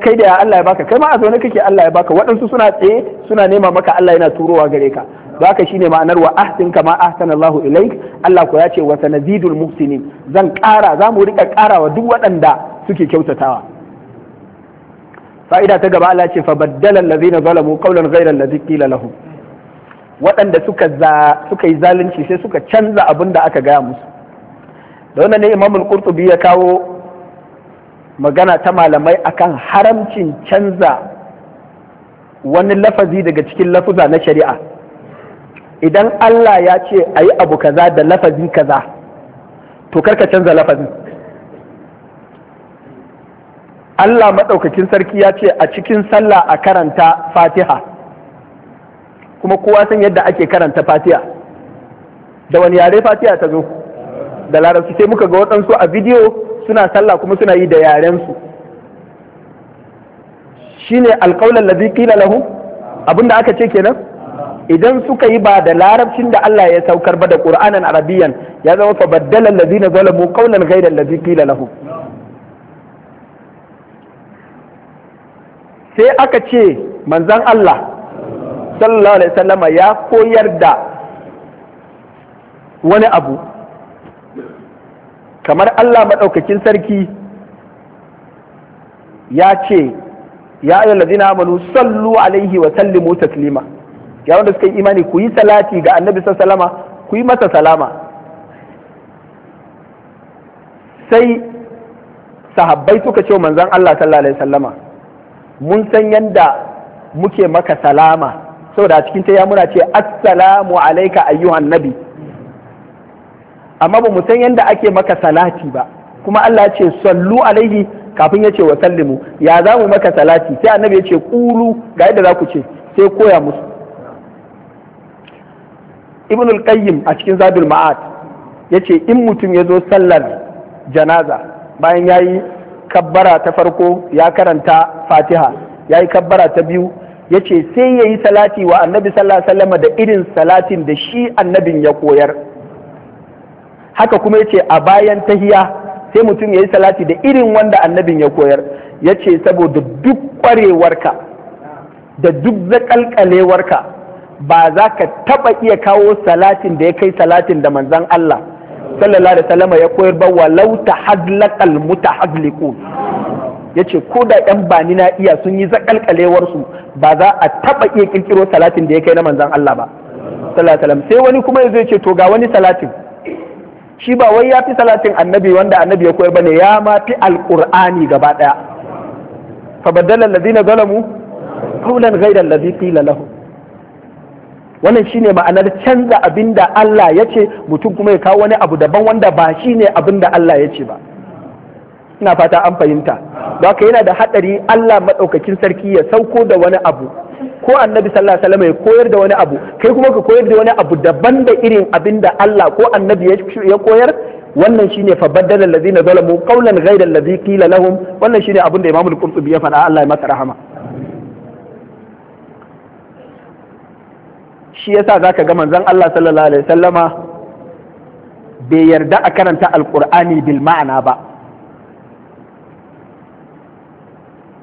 kai da Allah ya baka kai ma a zaune kake Allah ya baka waɗansu suna tsaye suna nema maka Allah yana turowa gare ka haka shine ma'anar wa ahsin kama ahsana Allah ilaik Allah ko ya ce wa sanazidul muhsinin zan kara za mu rika wa duk waɗanda suke kyautatawa fa'ida ta gaba Allah ce fa baddala allazina zalamu qawlan ghayra allazi qila lahum waɗanda suka yi zalunci sai suka canza abin da aka gaya musu da wannan ne imamul al-Qurtubi ya kawo magana ta malamai akan haramcin canza wani lafazi daga cikin lafuza na shari'a idan Allah ya ce a yi abu kaza da lafazi kaza to karka canza lafazin Allah maɗaukakin sarki ya ce a cikin sallah a karanta fatiha kuma kowa san yadda ake karanta fatiha da wani yare fatiha ta zo da larabci sai muka ga waɗansu a bidiyo suna sallah kuma suna yi da yarensu shine alƙaular lazi ƙila lahu abinda aka ce kenan idan suka yi ba da larabcin da Allah ya saukar ba da Qur'anan Arabiyan ya zama fa baddala allazina zalamu qawlan ghayra allazi qila lahu sai aka ce manzan Allah sallallahu alaihi wasallama ya koyar da wani abu kamar Allah maɗaukakin sarki ya ce ya ayyuhallazina amanu sallu alaihi wa sallimu taslima ya wanda suka yi imani ku yi salati ga annabi sallama ku yi masa salama sai sahabbai suka ce manzan Allah sallallahu alaihi sallama mun san yadda muke maka salama saboda a cikin ta muna ce assalamu alaika ayyuhan nabi amma ba mu san yadda ake maka salati ba kuma Allah ya ce sallu alaihi kafin ya ce wa sallimu ya za mu maka salati sai annabi ya ce kulu ga yadda za ku ce sai koya musu ibn qayyim a cikin zadul ma'ad ya ce in mutum ya zo sallar janaza bayan ya yi kabbara ta farko ya karanta fatiha ya yi kabbara ta biyu ya ce sai ya yi salati wa annabi sallallahu alaihi wasallam da irin salatin da shi annabin ya koyar haka kuma ya ce a bayan tahiya sai mutum ya yi salati da irin wanda annabin ya koyar ya ce saboda duk kwarewarka da duk zaƙalƙalewarka. ba za ka taba iya kawo salatin da ya kai salatin da manzan Allah sallallahu alaihi wasallam ya koyar ba walau tahallaqal mutahadliqun yace ko da ɗan bani na iya sun yi zakalkalewar su ba za a taba iya kirkiro salatin da ya kai na manzan Allah ba sallallahu alaihi wasallam sai wani kuma ya ce to ga wani salatin shi ba wai ya fi salatin annabi wanda annabi ya koyar bane ya ma fi alqur'ani gaba daya fa badala allazina zalamu qawlan ghayra allazi qila lahum wannan shine ma'anar canza abin da Allah ya ce mutum kuma ya kawo wani abu daban wanda ba shine abin da Allah ya ce ba ina fata an fahimta ba ka yana da haɗari Allah maɗaukakin sarki ya sauko da wani abu ko annabi sallallahu alaihi wasallam ya koyar da wani abu kai kuma ka koyar da wani abu daban da irin abin da Allah ko annabi ya koyar wannan shine fa baddala allazina zalamu qawlan ghayra allazi qila lahum wannan shine abin da Imam al-Qurtubi ya faɗa Allah ya masa rahama shi yasa ka ga manzon Allah sallallahu alaihi wasallama bai yarda a karanta Alƙur'ani bil ma'ana ba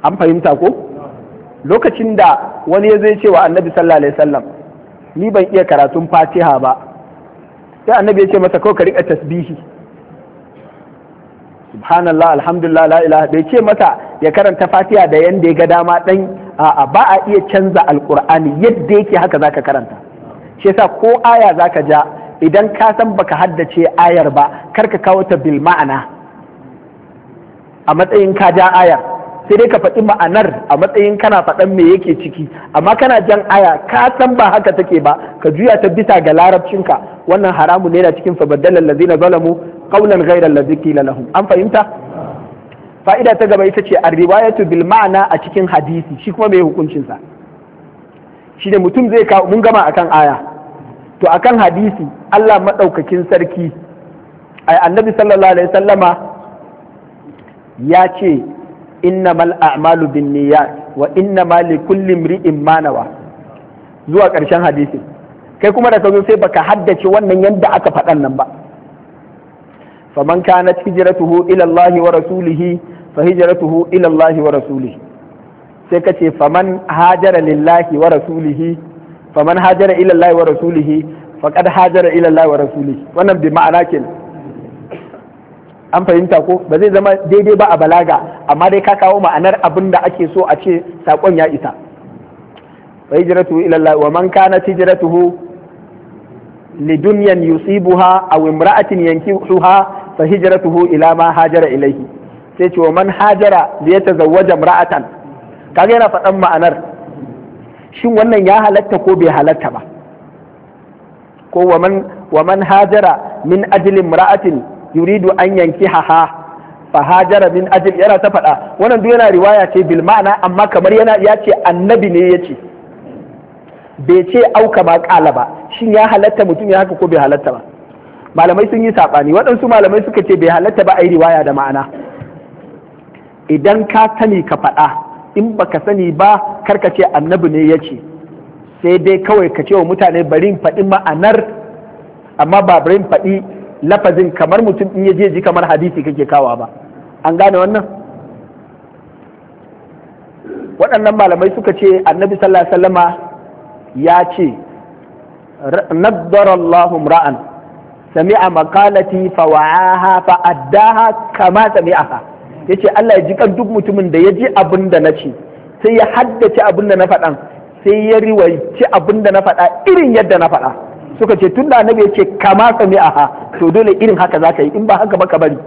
an fahimta ko lokacin da wani ya zai cewa annabi sallallahu alaihi wasallam ni ban iya karatun fatiha ba sai annabi ya ce masa kawai ka riƙa tasbihi subhanallah alhamdulillah la ilaha bai ce masa ya karanta fatiha da yanda ya ga dama dan a'a ba a iya canza Alƙur'ani yadda yake haka zaka karanta shi yasa ko aya zaka ja idan ka san baka haddace ayar ba kar ka kawo ta bil ma'ana a matsayin ka ja aya sai dai ka faɗi ma'anar a matsayin kana faɗan me yake ciki amma kana jan aya ka san ba haka take ba ka juya ta bisa ga larabcinka wannan haramun ne na cikin fa baddala allazina zalamu qawlan ghayra allazi qila lahum an fahimta fa'ida ta gaba ita ce ar-riwayatu bil ma'ana a cikin hadisi shi kuma mai hukuncin sa ne mutum zai kawo mun gama akan aya to akan hadisi Allah maɗaukakin sarki ai annabi sallallahu alaihi sallama ya ce innamal a'malu bin niyyat wa innama li kulli imri'in ma nawa zuwa ƙarshen hadisi. kai kuma da kazo sai baka haddace wannan yadda aka faɗan nan ba faman kanat hijratuhu ila Allah wa rasulihi fa hijratuhu ila Allah wa rasulihi sai ka ce faman hajara lillahi wa rasulihi faman hajara ila Allah wa rasulihi faqad hajara ila Allah wa rasulihi wannan bi ma'ana ke an fahimta ko ba zai zama daidai ba a balaga amma dai ka kawo ma'anar abin da ake so a ce sakon ya isa wa hijratuhu ila Allah wa man kanat hijratuhu a yusibuha aw imra'atin yankihuha fa hijratuhu ila ma hajara ilayhi sai ce wa man hajara li yatazawwaja imra'atan kaga yana faɗan ma'anar shin wannan ya halatta ko bai halatta ba ko wa man hajara min ajilin ra'atin yuridu an yanki haha fa hajara min ajil yana ta faɗa wannan duk yana riwaya ce bil ma'ana amma kamar yana ya ce annabi ne ya ce bai ce auka ba ƙala ba shin ya halatta mutum ya haka ko bai halatta ba malamai sun yi saɓani waɗansu malamai suka ce bai halatta ba a riwaya da ma'ana idan ka sani ka faɗa in baka sani ba karka ce annabi ne ya ce sai dai kawai ka ce wa mutane bari faɗi ma'anar amma ba bari faɗi lafazin kamar mutum in ya je ji kamar hadisi kake kawa ba an gane wannan waɗannan malamai suka ce annabi sallallahu alaihi wasallama ya ce nadarallahu ra'an sami'a maqalati fa wa'aha fa addaha kama sami'aha ya ce Allah ya ji kan duk mutumin da ya ji abin da na ce sai ya haddace abin da na faɗan sai ya riwayci abin da na faɗa irin yadda na faɗa suka ce tun da annabi ya ce kama sami aha to dole irin haka za ka yi in ba haka ba ka bari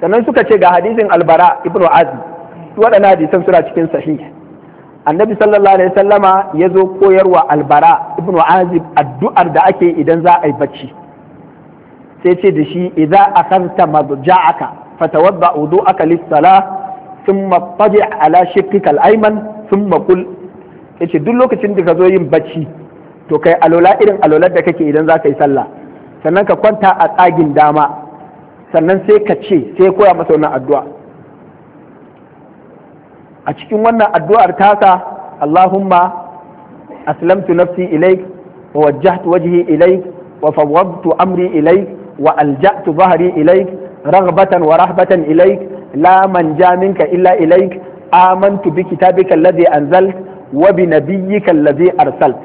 sannan suka ce ga hadisin albara ibnu azmi waɗannan hadisan suna cikin sahih annabi sallallahu alaihi sallama ya zo koyarwa albara ibnu azi addu'ar da ake idan za a yi bacci sai ce da shi idza akhadta madja'aka fatawadda wudu'aka lis-salah thumma taji' ala shiqqika ayman thumma qul yace duk lokacin da ka zo yin bacci to kai alola irin alolar da kake idan za ka yi sallah sannan ka kwanta a tsagin dama sannan sai ka ce sai koya masa wannan addu'a a cikin wannan addu'ar tasa Allahumma aslamtu nafsi ilaik wa wajjahtu wajhi ilaik wa fawwadtu amri ilaik wa alja'tu bahri ilaik raghbatan wa rahbatan ilaik la manja minka illa ilaik amantu bi kitabika alladhi anzalt wa bi nabiyyika alladhi arsalt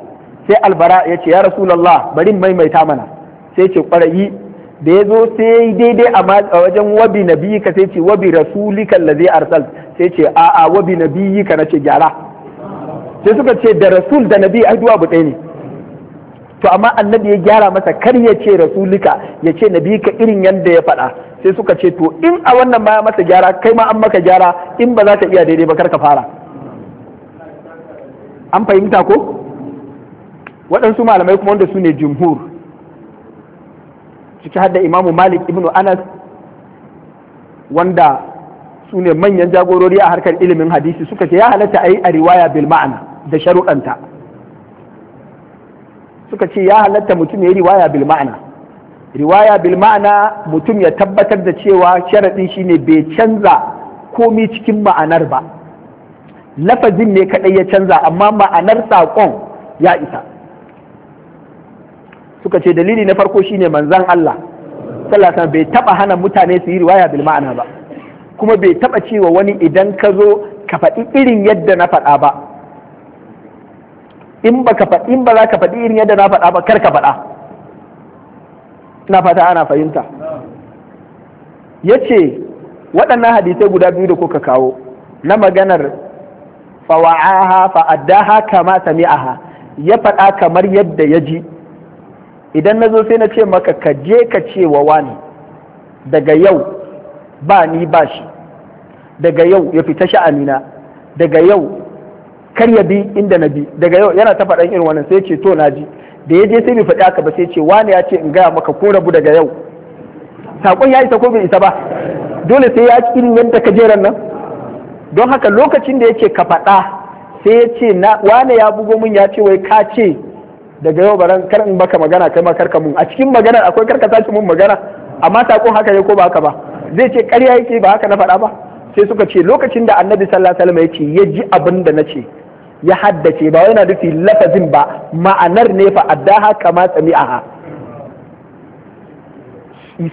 sai albara ya ce ya rasulullah bari maimaita mana sai ce kwarayi da ya zo sai daidai a wajen wabi nabiyyika sai ce wabi rasulika alladhi arsalt sai ce a'a wabi nabiyyika nace gyara sai suka ce da rasul da nabi ai duwa ɗaya ne to amma annabi ya gyara masa kar ya ce rasulika ya ce ka irin yadda ya faɗa sai suka ce to in a wannan ma masa gyara kai ma an maka gyara in ba za ka iya daidai ba kar ka fara an fahimta ko waɗansu malamai kuma wanda su ne jumhur ciki hadda imamu malik ibnu anas wanda su ne manyan jagorori a harkar ilimin hadisi suka ce ya halatta a yi a riwaya bil ma'ana da sharuɗanta suka ce ya halatta mutum ya yi riwaya bil riwaya bil mutum ya tabbatar da cewa sharaɗin shine bai canza komi cikin ma'anar ba lafazin ne kaɗai ya canza amma ma'anar saƙon ya isa suka ce dalili na farko shine manzan Allah sallallahu bai taɓa hana mutane su yi riwaya bil ba kuma bai taɓa cewa wani idan ka zo ka faɗi irin yadda na faɗa ba in ba ka in ba za ka faɗi irin yadda na faɗa ba kar ka faɗa ina fata ana fahimta yace waɗannan hadisai guda biyu da kuka kawo na maganar fawa'aha fa'addaha kama sami'aha ya faɗa kamar yadda ya ji idan na zo sai na ce maka ka je ka ce wa wani daga yau ba ni ba shi daga yau ya fita sha'anina daga yau kar ya bi inda na bi daga yau yana ta faɗan irin wannan sai ce to na ji da ya je sai bai faɗi haka ba sai ce wani ya ce in gaya maka ko rabu daga yau saƙon ya isa ko bai isa ba dole sai ya irin yadda ka jeran nan don haka lokacin da ya ce ka faɗa sai ya ce wani ya bugo mun ya ce wai ka ce daga yau baran kar in baka magana kai ma karka mun a cikin magana akwai karka tashi mun magana amma sakon haka ne ko ba haka ba zai ce ƙarya yake ba haka na faɗa ba sai suka ce lokacin da annabi sallallahu alaihi wasallam ya ce ya ji abin da na ce ya haddace ba yana nufi lafazin ba ma'anar ne fa addaha kama sami'aha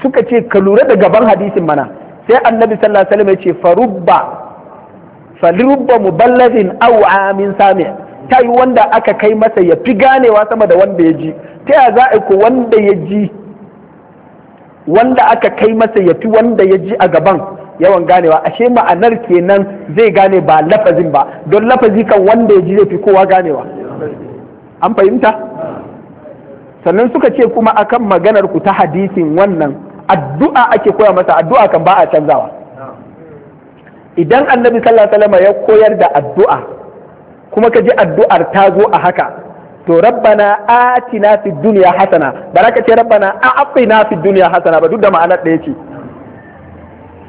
suka ce ka lura da gaban hadisin mana sai annabi sallallahu alaihi wasallam ya ce farubba falirubba muballazin aw amin sami ta yi wanda aka kai masa ya fi ganewa sama da wanda ya ji ta ya za a ko wanda ya ji wanda aka kai masa ya fi wanda ya ji a gaban yawan ganewa ashe ma'anar kenan zai gane ba lafazin ba don lafazi kan wanda ya ji zai fi kowa ganewa an fahimta sannan suka ce kuma akan maganar ku ta hadisin wannan addu'a ake koya masa addu'a kan ba a canzawa idan annabi sallallahu alaihi wasallam ya koyar da addu'a kuma ka ji addu'ar ta zo a haka to rabbana atina fid dunya hasana baraka ce rabbana a'tina fid dunya hasana ba duk da ma'anar da yake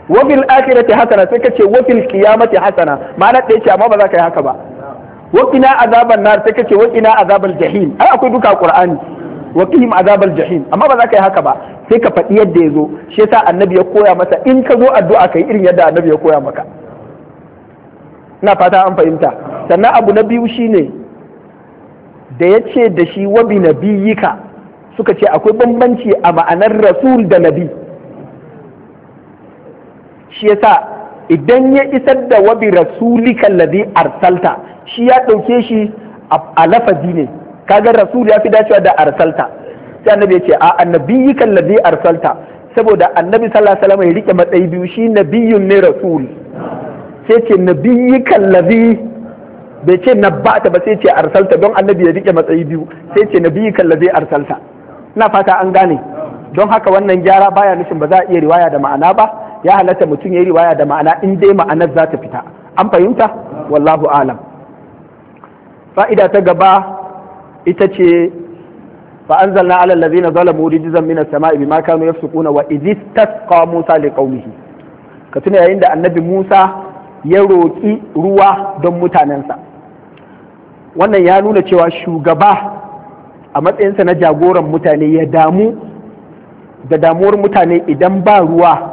wa bil akhirati hasana sai kace wa fil qiyamati hasana ma'ana ɗaya ce amma ba za ka yi haka ba wa qina azaban nar sai ka ce qina azabar jahim ai akwai duka qur'ani wa qihim azabal jahim amma ba za ka yi haka ba sai ka faɗi yadda ya zo shi yasa annabi ya koya masa in ka zo addu'a kai irin yadda annabi ya koya maka ina fata an fahimta sannan abu na biyu shine da ya ce da shi wa bi nabiyika suka ce akwai bambanci a ma'anar rasul da nabi shi yasa idan ya isar da wabi rasulika alladhi arsalta shi ya ɗauke shi a lafazi ne kaga rasul ya fi dacewa da arsalta sai annabi ya ce a annabiyika alladhi arsalta saboda annabi sallallahu alaihi wasallam ya rike matsayi biyu shi nabiyyun ne rasul sai ce kan alladhi bai ce na ba ta ba sai ce arsalta don annabi ya rike matsayi biyu sai ce nabiyyika alladhi arsalta ina fata an gane don haka wannan gyara baya nufin ba za a iya riwaya da ma'ana ba ya halatta mutum ya yi riwaya da ma'ana in dai ma'anar za ta fita an fahimta wallahu alam fa'ida ta gaba ita ce fa anzalna ala allazina zalamu rijzan minas sama'i bima kanu yafsukuna wa idh tasqa musa liqaumihi ka tuna yayin da annabi musa ya roƙi ruwa don mutanensa wannan ya nuna cewa shugaba a matsayinsa na jagoran mutane ya damu da damuwar mutane idan ba ruwa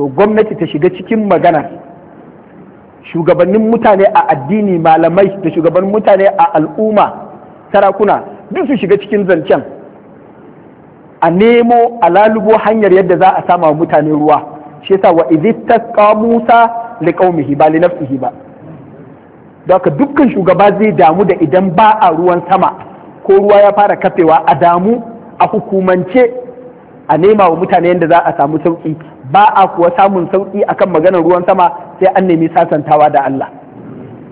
to gwamnati ta shiga cikin magana shugabannin mutane a addini malamai da shugabannin mutane a al'umma sarakuna duk su shiga cikin zancen a nemo a lalubo hanyar yadda za a sama mutane ruwa shi yasa wa idhistasqa Musa liqaumihi ba li nafsihi ba haka dukkan shugaba zai damu da idan ba a ruwan sama ko ruwa ya fara kafewa a damu a hukumance a nema wa mutane yadda za a samu sauki ba a kuwa samun sauƙi kan maganar ruwan sama sai an nemi sasantawa da Allah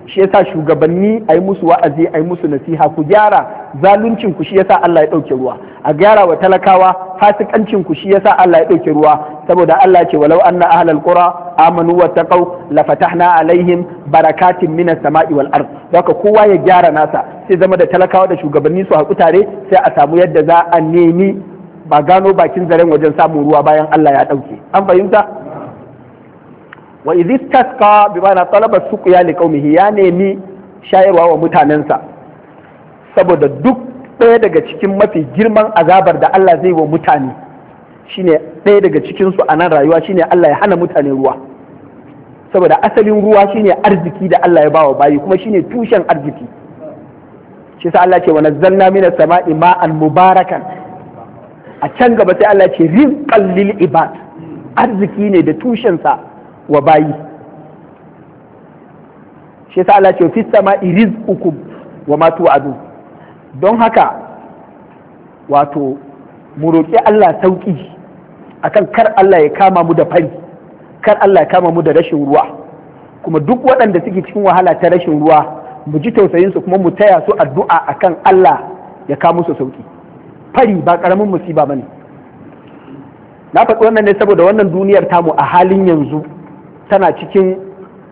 shi yasa shugabanni a yi musu wa'azi a yi musu nasiha ku gyara zaluncin ku shi yasa Allah ya ɗauke ruwa a gyara wa talakawa fasikancin ku shi yasa Allah ya ɗauke ruwa saboda Allah ce walau anna ahlal qura amanu wattaqau la fatahna alaihim barakatin mina sama'i wal ard haka kowa ya gyara nasa sai zama da talakawa da shugabanni su haƙu tare sai a samu yadda za a nemi ba gano bakin zaren wajen samun ruwa bayan Allah ya ɗauke an fahimta wa izi taska bi ma'ana talaba suqya li qaumihi ya nemi shayarwa wa mutanensa saboda duk ɗaya daga cikin mafi girman azabar da Allah zai wa mutane shine ɗaya daga cikinsu a nan rayuwa shine Allah ya hana mutane ruwa saboda asalin ruwa shine arziki da Allah ya bawa bayi kuma shine tushen arziki shi sa Allah ce wa nazzalna minas sama'i ma'an mubarakan a can gaba sai Allah ce rizqan lil ibad arziki ne da tushensa wa bayi shi sa Allah ce fi sama'i rizqukum wa ma tu'adu don haka wato mu roƙi Allah sauki akan kar Allah ya kama mu da fari kar Allah ya kama mu da rashin ruwa kuma duk waɗanda suke cikin wahala ta rashin ruwa mu ji tausayinsu kuma mu taya su addu'a akan Allah ya kama su sauki fari ba karamin musiba bane na faɗi wannan ne saboda wannan duniyar tamu a halin yanzu tana cikin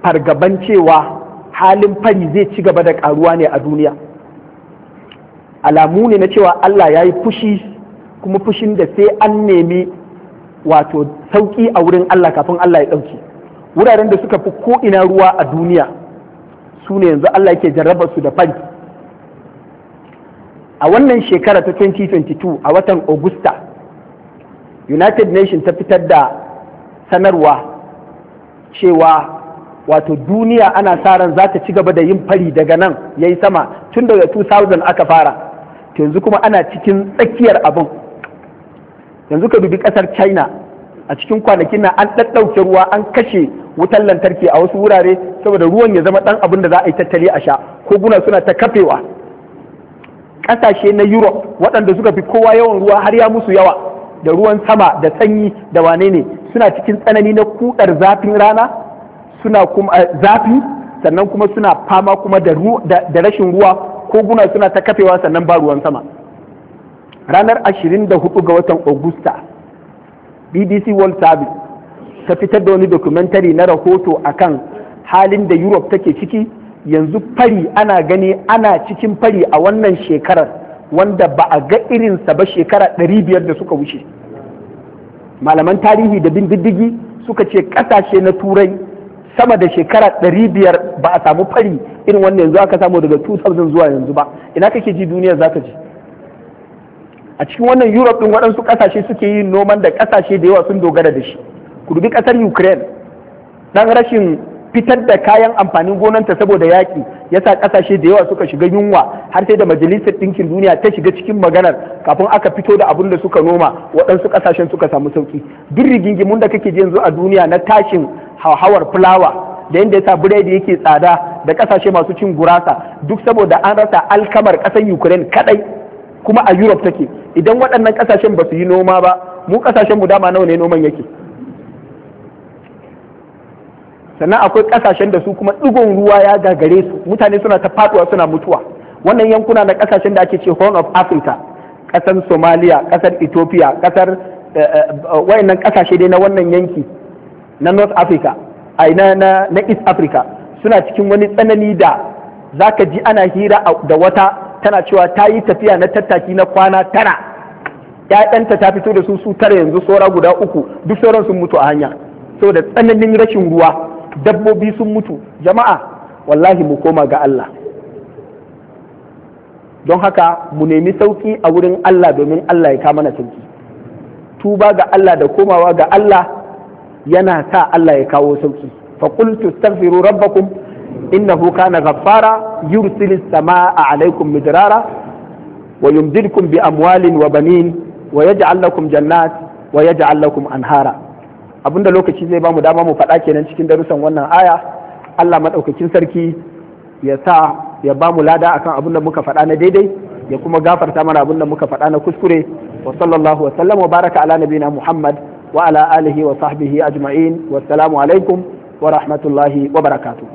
fargaban cewa halin fari zai ci gaba da karuwa ne a duniya alamu ne na cewa Allah ya yi fushi kuma fushin da sai an nemi wato sauƙi a wurin Allah kafin Allah ya ɗauki wuraren da suka fi ko'ina ruwa a duniya su ne yanzu Allah yake jarraba su da fari a wannan shekara ta 2022 a watan augusta united nations ta fitar da sanarwa cewa wato duniya ana sa ran za ta ci gaba da yin fari daga nan ya yi sama tun daga 2000 aka fara yanzu kuma ana cikin tsakiyar abin yanzu ka dubi kasar china a cikin kwanakin na, an ɗaɗɗauke ruwa an kashe wutar lantarki a wasu wurare saboda ruwan ya zama ɗan abin da za a yi tattali a sha koguna suna ta kafewa ƙasashe na europe waɗanda suka fi kowa yawan ruwa har ya musu yawa da ruwan sama da sanyi da wane ne suna cikin tsanani na kudar zafin rana suna kuma eh, zafi sannan kuma suna fama kuma da rashin ruwa koguna suna ta kafewa sannan ba ruwan sama ranar 24 ga watan augusta bbc world service ta fitar da wani documentary na rahoto akan halin da europe take ciki yanzu fari ana gani ana cikin fari a wannan shekarar wanda ba a ga irinsa ba shekara 500 da suka wuce malaman tarihi da bin suka ce kasashe na turai sama da shekara 500 ba a samu fari irin wannan yanzu aka samu daga 2000 zuwa yanzu ba ina kake ji duniya za ka ji a cikin wannan europe din waɗansu kasashe suke yin noman da kasashe da yawa sun dogara da shi ku dubi ƙasar ukraine dan rashin fitar da kayan amfanin gonanta saboda yaƙi ya sa ƙasashe da yawa suka shiga yunwa har sai da majalisar ɗinkin duniya ta shiga cikin maganar kafin aka fito da abin da suka noma waɗansu ƙasashen suka samu sauƙi duk rigingimun da kake ji yanzu a duniya na tashin hauhawar fulawa da yadda yasa biredi yake tsada da ƙasashe masu cin gurasa duk saboda an rasa alkamar ƙasar ukraine kaɗai kuma a europe take idan waɗannan ƙasashen ba su yi noma ba mu ƙasashen mu dama nawa ne noman yake sannan akwai kasashen da su kuma digon ruwa ya gagare su mutane suna ta faduwa suna mutuwa wannan yankuna na kasashen da ake ce Horn of Africa kasar Somalia kasar Ethiopia kasar eh, eh, wayannan kasashe dai na wannan yanki na North Africa ai na na East Africa suna cikin wani tsanani da zaka ji ana hira da wata tana cewa ta yi tafiya na tattaki na kwana tara ‘ya'yanta ta fito da su su tara yanzu saura guda uku duk sauran sun mutu a hanya saboda tsananin rashin ruwa dabbobi sun mutu jama'a wallahi mu koma ga Allah don haka mu nemi sauki a wurin Allah domin Allah ya kama na sauki tuba ga Allah da komawa ga Allah yana sa Allah ya kawo sauki fa qultu astaghfiru rabbakum innahu kana ghaffara yursilis samaa alaikum midrara wa yumdidkum bi amwalin wa banin wa yaj'al lakum jannat wa yaj'al lakum anhara abinda lokaci zai bamu dama mu faɗa kenan cikin darussan wannan aya Allah maɗaukakin sarki ya sa ya bamu lada akan abin da muka faɗa na daidai ya kuma gafarta mana abin da muka faɗa na kuskure wa sallallahu wa sallam wa baraka ala nabina Muhammad wa ala alihi wa sahbihi ajma'in wa assalamu alaikum wa rahmatullahi wa barakatuh